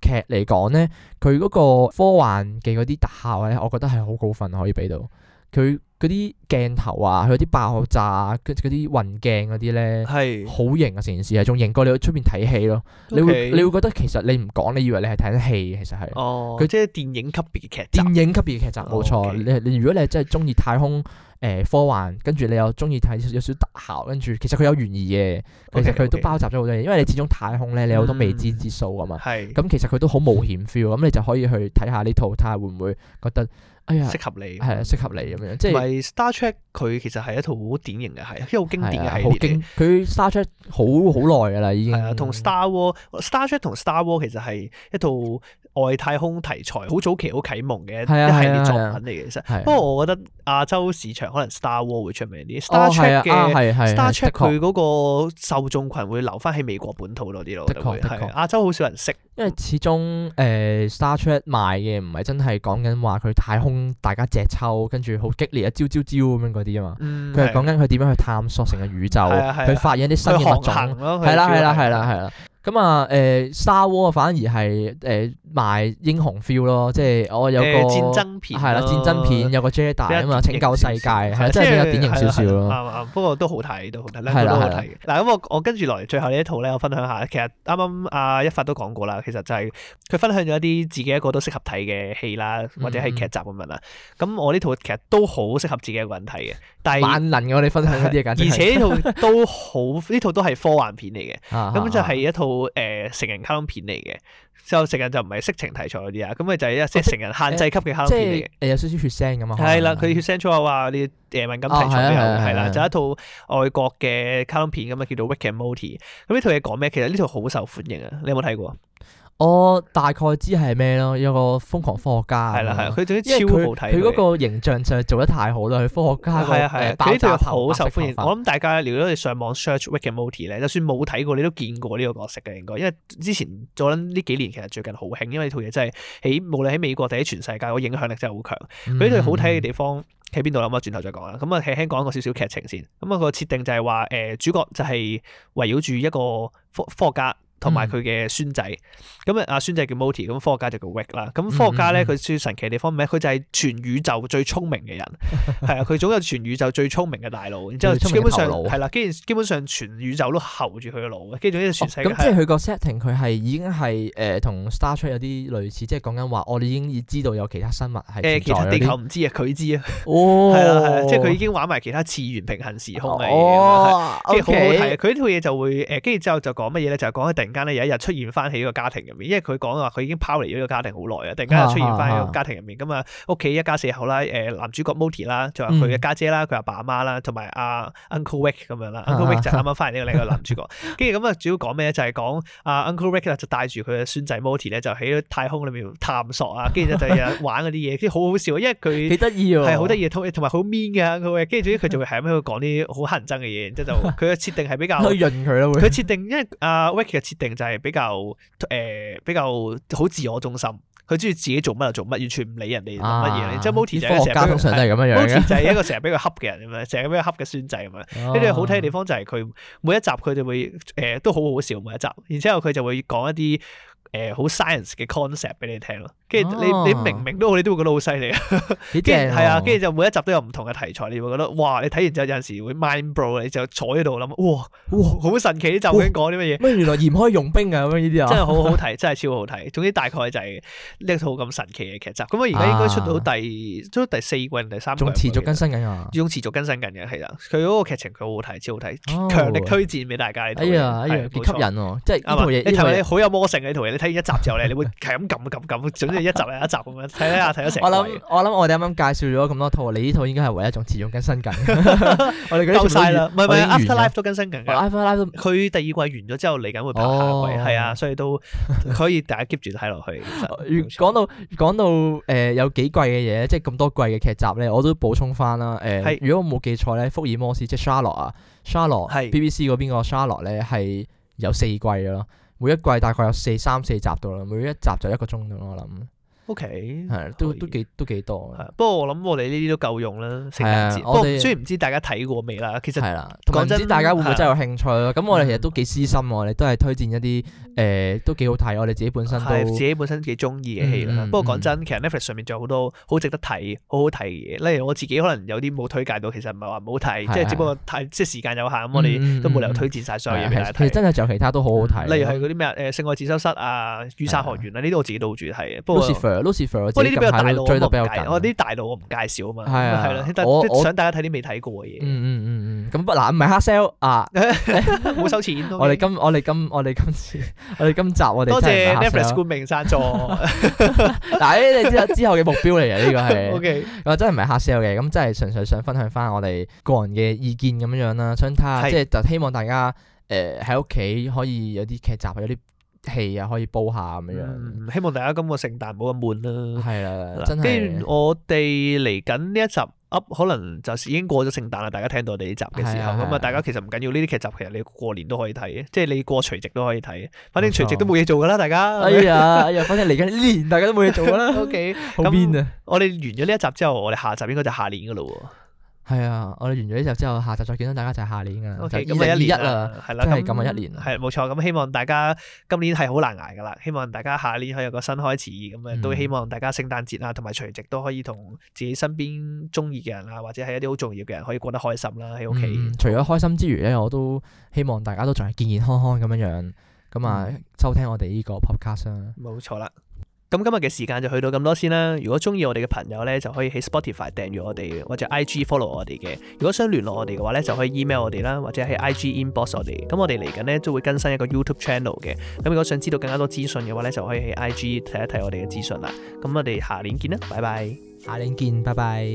劇嚟講咧，佢嗰個科幻嘅嗰啲特效咧，我覺得係好高分可以俾到佢。嗰啲鏡頭啊，佢啲爆炸、啊，嗰啲運鏡嗰啲咧，係好型啊！成件事仲型過你去出面睇戲咯。Okay 你會你會覺得其實你唔講，你以為你係睇緊戲，其實係。哦。佢它即係電影級別嘅劇集。電影級別嘅劇集，冇錯。哦 okay、如你如果你真係中意太空誒、呃、科幻，跟住你又中意睇有少少特效，跟住其實佢有懸疑嘅，其實佢都包雜咗好多嘢。因為你始終太空咧，你有好多未知之數啊嘛。咁、嗯嗯、其實佢都好冒險 feel，咁、嗯、你就可以去睇下呢套，睇下會唔會覺得。哎呀適合你，適合你係啊，適合你咁樣，即係。唔係 Star Trek 佢其實係一套好典型嘅，係，啲好經典嘅系列。佢 Star Trek 好好耐噶啦，已經。係啊，同 Star Wars，Star Trek 同 Star Wars 其實係一套。外太空題材好早期好啟蒙嘅一系列作品嚟嘅，其實。不過我覺得亞洲市場可能 Star Wars 會出名啲，Star Trek 嘅 Star Trek 佢嗰個受眾群會留翻喺美國本土多啲咯。的確的確，亞洲好少人識，因為始終誒 Star Trek 賣嘅唔係真係講緊話佢太空大家隻抽，跟住好激烈一招招招咁樣嗰啲啊嘛。佢係講緊佢點樣去探索成個宇宙，佢發現啲新物種。係啦係啦係啦係啦。咁啊，誒 Star Wars 反而係誒賣英雄 feel 咯，即係我有個係啦、呃，戰爭片、啊、戰爭片有個 Jedi 啊嘛，拯救世界係真係比較典型少少咯。不過都好睇，都好睇，都好睇。嗱，咁我我跟住來最後呢一套咧，我分享下。其實啱啱阿一發都講過啦，其實就係佢分享咗一啲自己一個都適合睇嘅戲啦，或者係劇集咁樣啦。咁、嗯嗯、我呢套其實都好適合自己一個人睇嘅，但係萬能我哋分享一啲、嗯，而且呢套都好呢 套都係科幻片嚟嘅，咁、啊啊、就係一套。好成人卡通片嚟嘅，之就成人就唔係色情題材嗰啲啊，咁咪就係一啲成人限制級嘅卡通片嚟嘅，誒有少少血腥咁嘛。係啦，佢血腥出嚟啊啲誒敏感題材，都有係啦，就一套外國嘅卡通片咁啊，叫做《Rick and Morty》咁呢套嘢講咩？其實呢套好受歡迎啊，你有冇睇過？我大概知係咩咯，有一個瘋狂科學家。係啦係，佢整超好睇。佢嗰個形象就係做得太好啦，佢科學家個扮相好受歡迎。我諗大家如果你上網 search Rick and Morty 咧，就算冇睇過你都見過呢個角色嘅應該，因為之前做緊呢幾年其實最近好興，因為套嘢真係喺無論喺美國定喺全世界，個影響力真係、嗯、好強。佢呢套好睇嘅地方喺邊度咧？我轉頭再講啦。咁啊，輕輕講一個少少劇情先。咁啊個設定就係話，誒、呃、主角就係圍繞住一個科科學家。同埋佢嘅孫仔，咁啊啊孫仔叫 Morty 咁科學家就叫 Rick 啦。咁科學家咧，佢最、嗯、神奇嘅地方咩？佢就係全宇宙最聰明嘅人，係啊， 佢擁有全宇宙最聰明嘅大腦。然之後基本上係啦，基基本上全宇宙都睺住佢嘅腦嘅。跟住呢啲設定，咁、哦哦哦、即係佢個 setting，佢係已經係誒同 Star Trek 有啲類似，即係講緊話我哋已經已知道有其他生物係存在，其地球唔知啊，佢知啊，係啦係即係佢已經玩埋其他次元平行時空嘅嘢。哦、好好睇，佢呢套嘢就會誒，跟住之後就講乜嘢咧？就係講一定。間咧有一日出現翻喺呢個家庭入面，因為佢講話佢已經拋離咗個家庭好耐啊，突然間又出現翻喺個家庭入面。咁啊，屋企一家四口啦，誒，男主角 Morty 啦，仲有佢嘅家姐啦，佢阿爸阿媽啦，同埋阿 Uncle Rick 咁樣啦。Uncle Rick 就啱啱翻嚟呢個另一個男主角。跟住咁啊，主要講咩咧？就係講阿 Uncle Rick 啦，就帶住佢嘅孫仔 Morty 咧，就喺太空裏面探索啊，跟住就日玩嗰啲嘢，跟住好好笑，因為佢幾得意喎，係好得意，同同埋好 mean 嘅佢。跟住仲有佢就會係喺度講啲好乞人憎嘅嘢，然之後就佢嘅設定係比較，佢設定因為阿 Rick 設定。定就係比較誒、呃、比較好自我中心，佢中意自己做乜就做乜，完全唔理人哋乜嘢。啊、即係 Moti 就成日都係 Moti 就係一個成日俾佢恰嘅人咁樣，成日俾佢恰嘅孫仔咁樣。呢啲好睇嘅地方就係佢每一集佢就會誒、呃、都好好笑，每一集，而且又佢就會講一啲誒好、呃、science 嘅 concept 俾你聽咯。跟住你你明明都好，你都會覺得好犀利啊，跟住係啊，跟住就每一集都有唔同嘅題材，你會覺得哇！你睇完之後有陣時會 mind blow，你就坐喺度諗，哇好神奇，呢集究竟講啲乜嘢？原來鹽可以融冰啊？咁樣呢啲啊，真係好好睇，真係超好睇。總之大概就係呢套咁神奇嘅劇集。咁我而家應該出到第第四季、第三季。仲持續更新緊啊？仲持續更新緊嘅係啊，佢嗰個劇情佢好好睇，超好睇，強力推薦俾大家睇。一樣幾吸引哦，即係呢套你呢套好有魔性嘅呢套嘢。你睇完一集之後咧，你會係咁撳撳撳，一集又一集咁樣睇咧下，睇咗成。我諗我諗我哋啱啱介紹咗咁多套，你呢套應該係唯一一種始終更新緊。我哋夠曬啦，唔係唔係，Afterlife 都更新緊，佢第二季完咗之後，嚟緊會拍下季，係啊，所以都可以大家 keep 住睇落去。講到講到誒有幾季嘅嘢，即係咁多季嘅劇集咧，我都補充翻啦。誒，如果我冇記錯咧，福爾摩斯即係 Sherlock 啊，Sherlock，BBC 嗰邊個 Sherlock 咧係有四季咯，每一季大概有四三四集到啦，每一集就一個鐘到，我諗。O.K. 係，都都幾都幾多。不過我諗我哋呢啲都夠用啦。聖誕節，不過雖然唔知大家睇過未啦。其實係啦，講真，大家會唔會真係有興趣咯？咁我哋其實都幾私心喎。我哋都係推薦一啲誒，都幾好睇。我哋自己本身自己本身幾中意嘅戲啦。不過講真，其實 Netflix 上面仲有好多好值得睇、好好睇嘅嘢。例如我自己可能有啲冇推介到，其實唔係話唔好睇，即係只不過睇即係時間有限，咁我哋都冇理由推薦晒所有嘢俾大家睇。其實真係仲有其他都好好睇。例如係嗰啲咩啊？誒，性愛自修室啊，雨傘學園啊，呢啲我自己都鍾意睇嘅。不過不過呢啲係大路，我唔介紹啊嘛。係啊，係啦。我我想大家睇啲未睇過嘅嘢。嗯嗯嗯嗯。咁嗱，唔係黑 sell 啊，冇收錢。我哋今我哋今我哋今次我哋今集我哋多謝 Netflix 冠名贊助。嗱，呢啲之後之後嘅目標嚟嘅，呢個係。O K。我真係唔係黑 sell 嘅，咁真係純粹想分享翻我哋個人嘅意見咁樣樣啦。想睇下，即係就希望大家誒喺屋企可以有啲劇集，有啲。戲啊，可以煲下咁樣樣。希望大家今個聖誕冇咁悶啦。係啦，真係。跟住我哋嚟緊呢一集，可能就已經過咗聖誕啦。大家聽到我哋呢集嘅時候，咁啊，大家其實唔緊要緊。呢啲劇集其實你過年都可以睇嘅，即係你過除夕都可以睇嘅。反正除夕都冇嘢做噶啦，大家。係啊，又反正嚟緊年大家都冇嘢做噶啦。O K，好啊！我哋完咗呢一集之後，我哋下集應該就下年噶啦。係啊，我哋完咗呢集之後，下集再見到大家就係、是、下年嘅，okay, 就二一年啦，係啦的，咁啊一年。係冇錯，咁希望大家今年係好難挨噶啦，希望大家下年可以有個新開始，咁啊都希望大家聖誕節啊同埋除夕都可以同自己身邊中意嘅人啊，或者係一啲好重要嘅人可以過得開心啦喺屋企。除咗開心之餘咧，我都希望大家都仲係健健康康咁樣樣，咁啊、嗯、收聽我哋呢個 podcast 啦。冇錯啦。咁今日嘅時間就去到咁多先啦。如果中意我哋嘅朋友呢，就可以喺 Spotify 訂閱我哋，或者 IG follow 我哋嘅。如果想聯絡我哋嘅話呢，就可以 email 我哋啦，或者喺 IG inbox 我哋。咁我哋嚟緊呢，都會更新一個 YouTube channel 嘅。咁如果想知道更加多資訊嘅話呢，就可以喺 IG 睇一睇我哋嘅資訊啦。咁我哋下年見啦，拜拜。下年見，拜拜。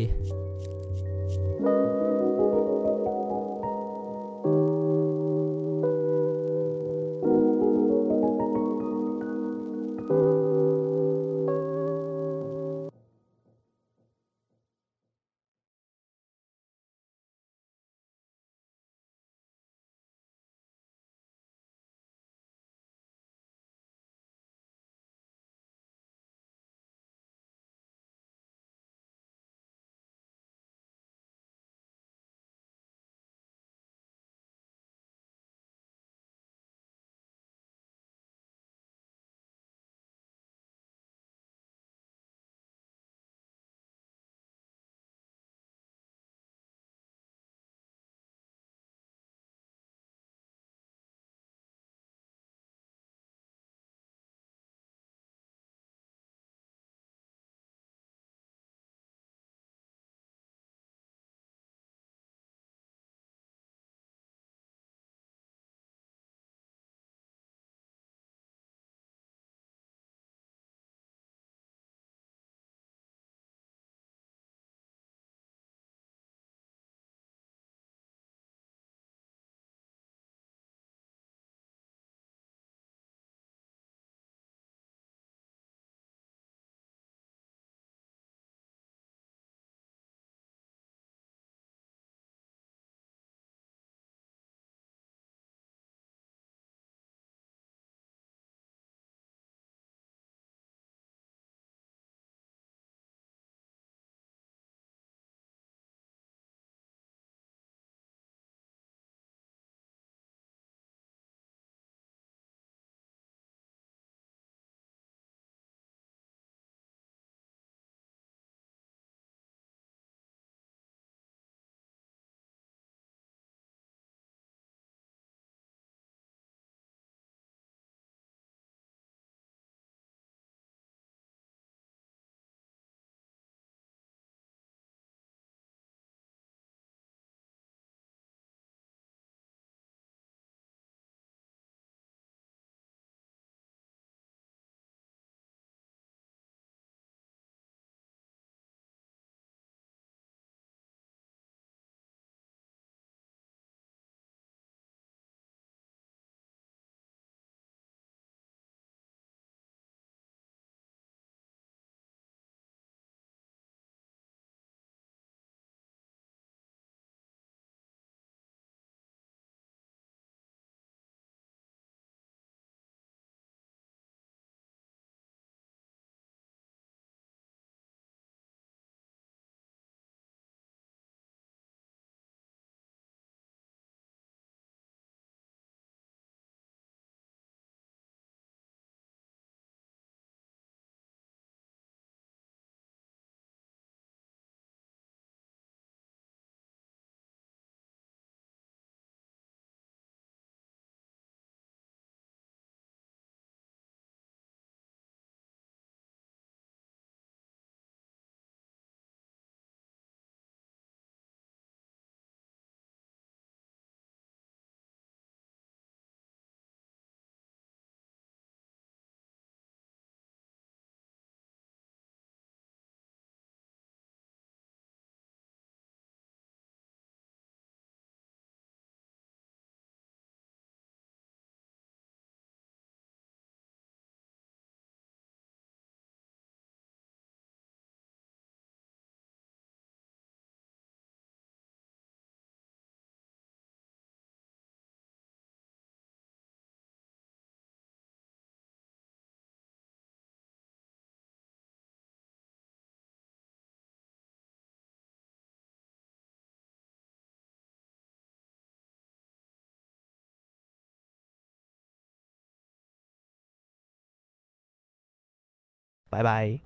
拜拜。